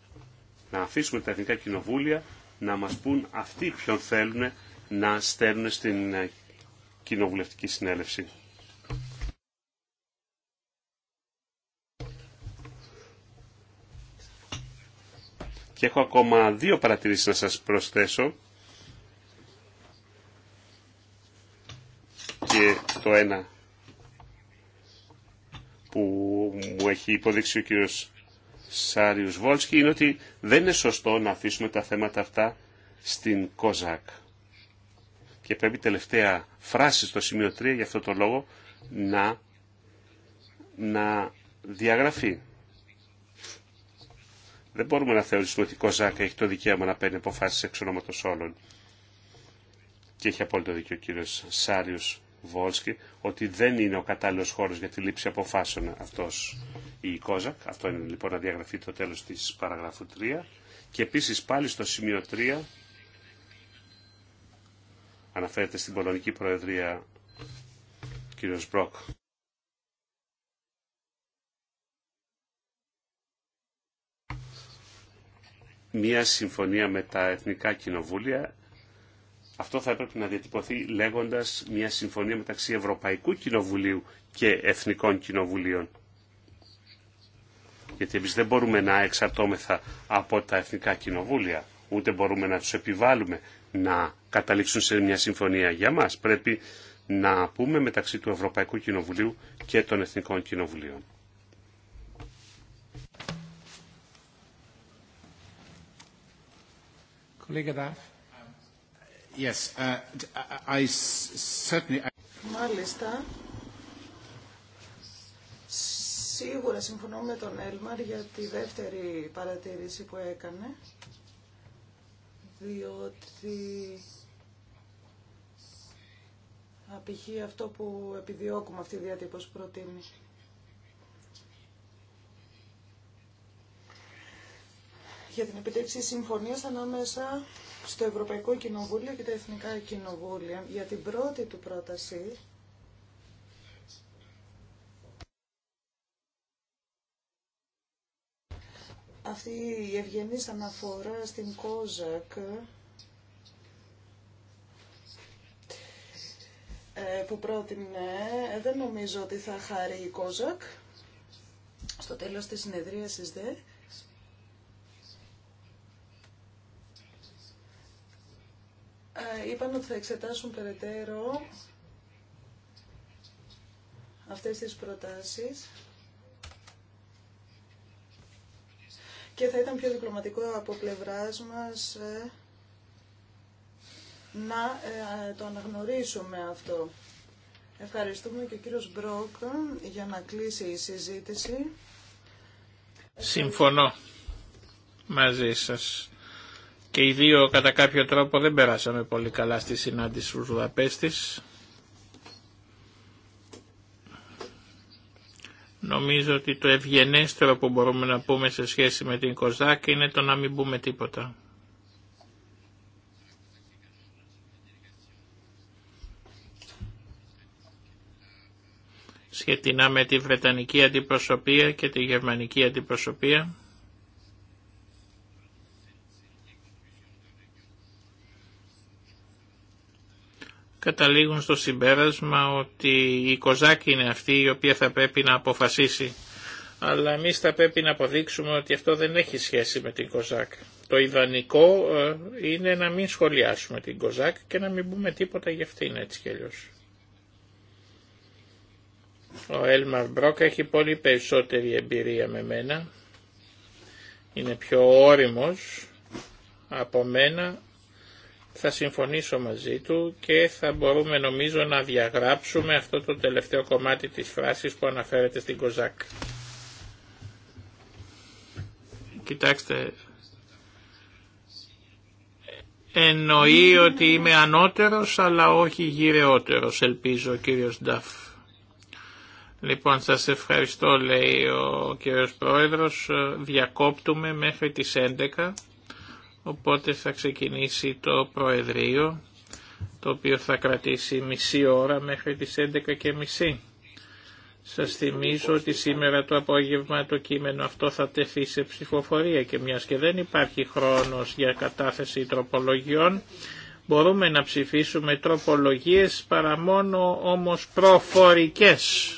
να αφήσουμε τα εθνικά κοινοβούλια να μας πούν αυτοί ποιον θέλουν να στέλνουν στην ε, κοινοβουλευτική συνέλευση. Και έχω ακόμα δύο παρατηρήσεις να σας προσθέσω. Και το ένα που μου έχει υποδείξει ο κύριος Σάριος Βόλσκι είναι ότι δεν είναι σωστό να αφήσουμε τα θέματα αυτά στην ΚΟΖΑΚ. Και πρέπει τελευταία φράση στο σημείο 3 για αυτό το λόγο να, να διαγραφεί. Δεν μπορούμε να θεωρήσουμε ότι η ΚΟΖΑΚ έχει το δικαίωμα να παίρνει αποφάσεις εξ ονόματος όλων. Και έχει απόλυτο δίκιο ο κύριος Σάριους ότι δεν είναι ο κατάλληλο χώρο για τη λήψη αποφάσεων αυτό η Κόζακ. Αυτό είναι λοιπόν να διαγραφεί το τέλο τη παραγράφου 3. Και επίση πάλι στο σημείο 3 αναφέρεται στην Πολωνική Προεδρία κ. Μπροκ. Μία συμφωνία με τα Εθνικά Κοινοβούλια αυτό θα έπρεπε να διατυπωθεί λέγοντας μια συμφωνία μεταξύ Ευρωπαϊκού Κοινοβουλίου και Εθνικών Κοινοβουλίων. Γιατί εμεί δεν μπορούμε να εξαρτώμεθα από τα Εθνικά Κοινοβούλια, ούτε μπορούμε να τους επιβάλλουμε να καταλήξουν σε μια συμφωνία για μας. Πρέπει να πούμε μεταξύ του Ευρωπαϊκού Κοινοβουλίου και των Εθνικών Κοινοβουλίων. Uh, Μάλιστα, σίγουρα συμφωνώ με τον Έλμαρ για τη δεύτερη παρατήρηση που έκανε, διότι απηχεί αυτό που επιδιώκουμε αυτή η διατύπωση προτείνει. Για την επιτύξη συμφωνίας ανάμεσα στο Ευρωπαϊκό Κοινοβούλιο και τα Εθνικά Κοινοβούλια για την πρώτη του πρόταση αυτή η ευγενής αναφορά στην ΚΟΖΑΚ ε, που πρότεινε, δεν νομίζω ότι θα χαρεί η ΚΟΖΑΚ. Στο τέλος της συνεδρίασης δε, είπαν ότι θα εξετάσουν περαιτέρω αυτές τις προτάσεις και θα ήταν πιο διπλωματικό από πλευράς μας ε, να ε, το αναγνωρίσουμε αυτό. Ευχαριστούμε και ο κύριος Μπρόκ για να κλείσει η συζήτηση. Συμφωνώ μαζί σας και οι δύο κατά κάποιο τρόπο δεν περάσαμε πολύ καλά στη συνάντηση του Βουδαπέστης. Νομίζω ότι το ευγενέστερο που μπορούμε να πούμε σε σχέση με την Κοζάκ είναι το να μην πούμε τίποτα. Σχετικά με τη Βρετανική αντιπροσωπεία και τη Γερμανική αντιπροσωπεία. καταλήγουν στο συμπέρασμα ότι η Κοζάκη είναι αυτή η οποία θα πρέπει να αποφασίσει. Αλλά εμείς θα πρέπει να αποδείξουμε ότι αυτό δεν έχει σχέση με την Κοζάκ. Το ιδανικό ε, είναι να μην σχολιάσουμε την Κοζάκ και να μην πούμε τίποτα για αυτήν έτσι κι αλλιώς. Ο Έλμαρ Μπρόκ έχει πολύ περισσότερη εμπειρία με μένα. Είναι πιο όριμος από μένα θα συμφωνήσω μαζί του και θα μπορούμε νομίζω να διαγράψουμε αυτό το τελευταίο κομμάτι της φράσης που αναφέρεται στην Κοζάκ. Κοιτάξτε, εννοεί ότι είμαι ανώτερος αλλά όχι γυρεότερος ελπίζω ο κύριος Νταφ. Λοιπόν σας ευχαριστώ λέει ο κύριος Πρόεδρος, διακόπτουμε μέχρι τις 11. Οπότε θα ξεκινήσει το Προεδρείο, το οποίο θα κρατήσει μισή ώρα μέχρι τις 11.30. Σας θυμίζω ότι σήμερα το απόγευμα το κείμενο αυτό θα τεθεί σε ψηφοφορία και μιας και δεν υπάρχει χρόνος για κατάθεση τροπολογιών, μπορούμε να ψηφίσουμε τροπολογίες παρά μόνο όμως προφορικές.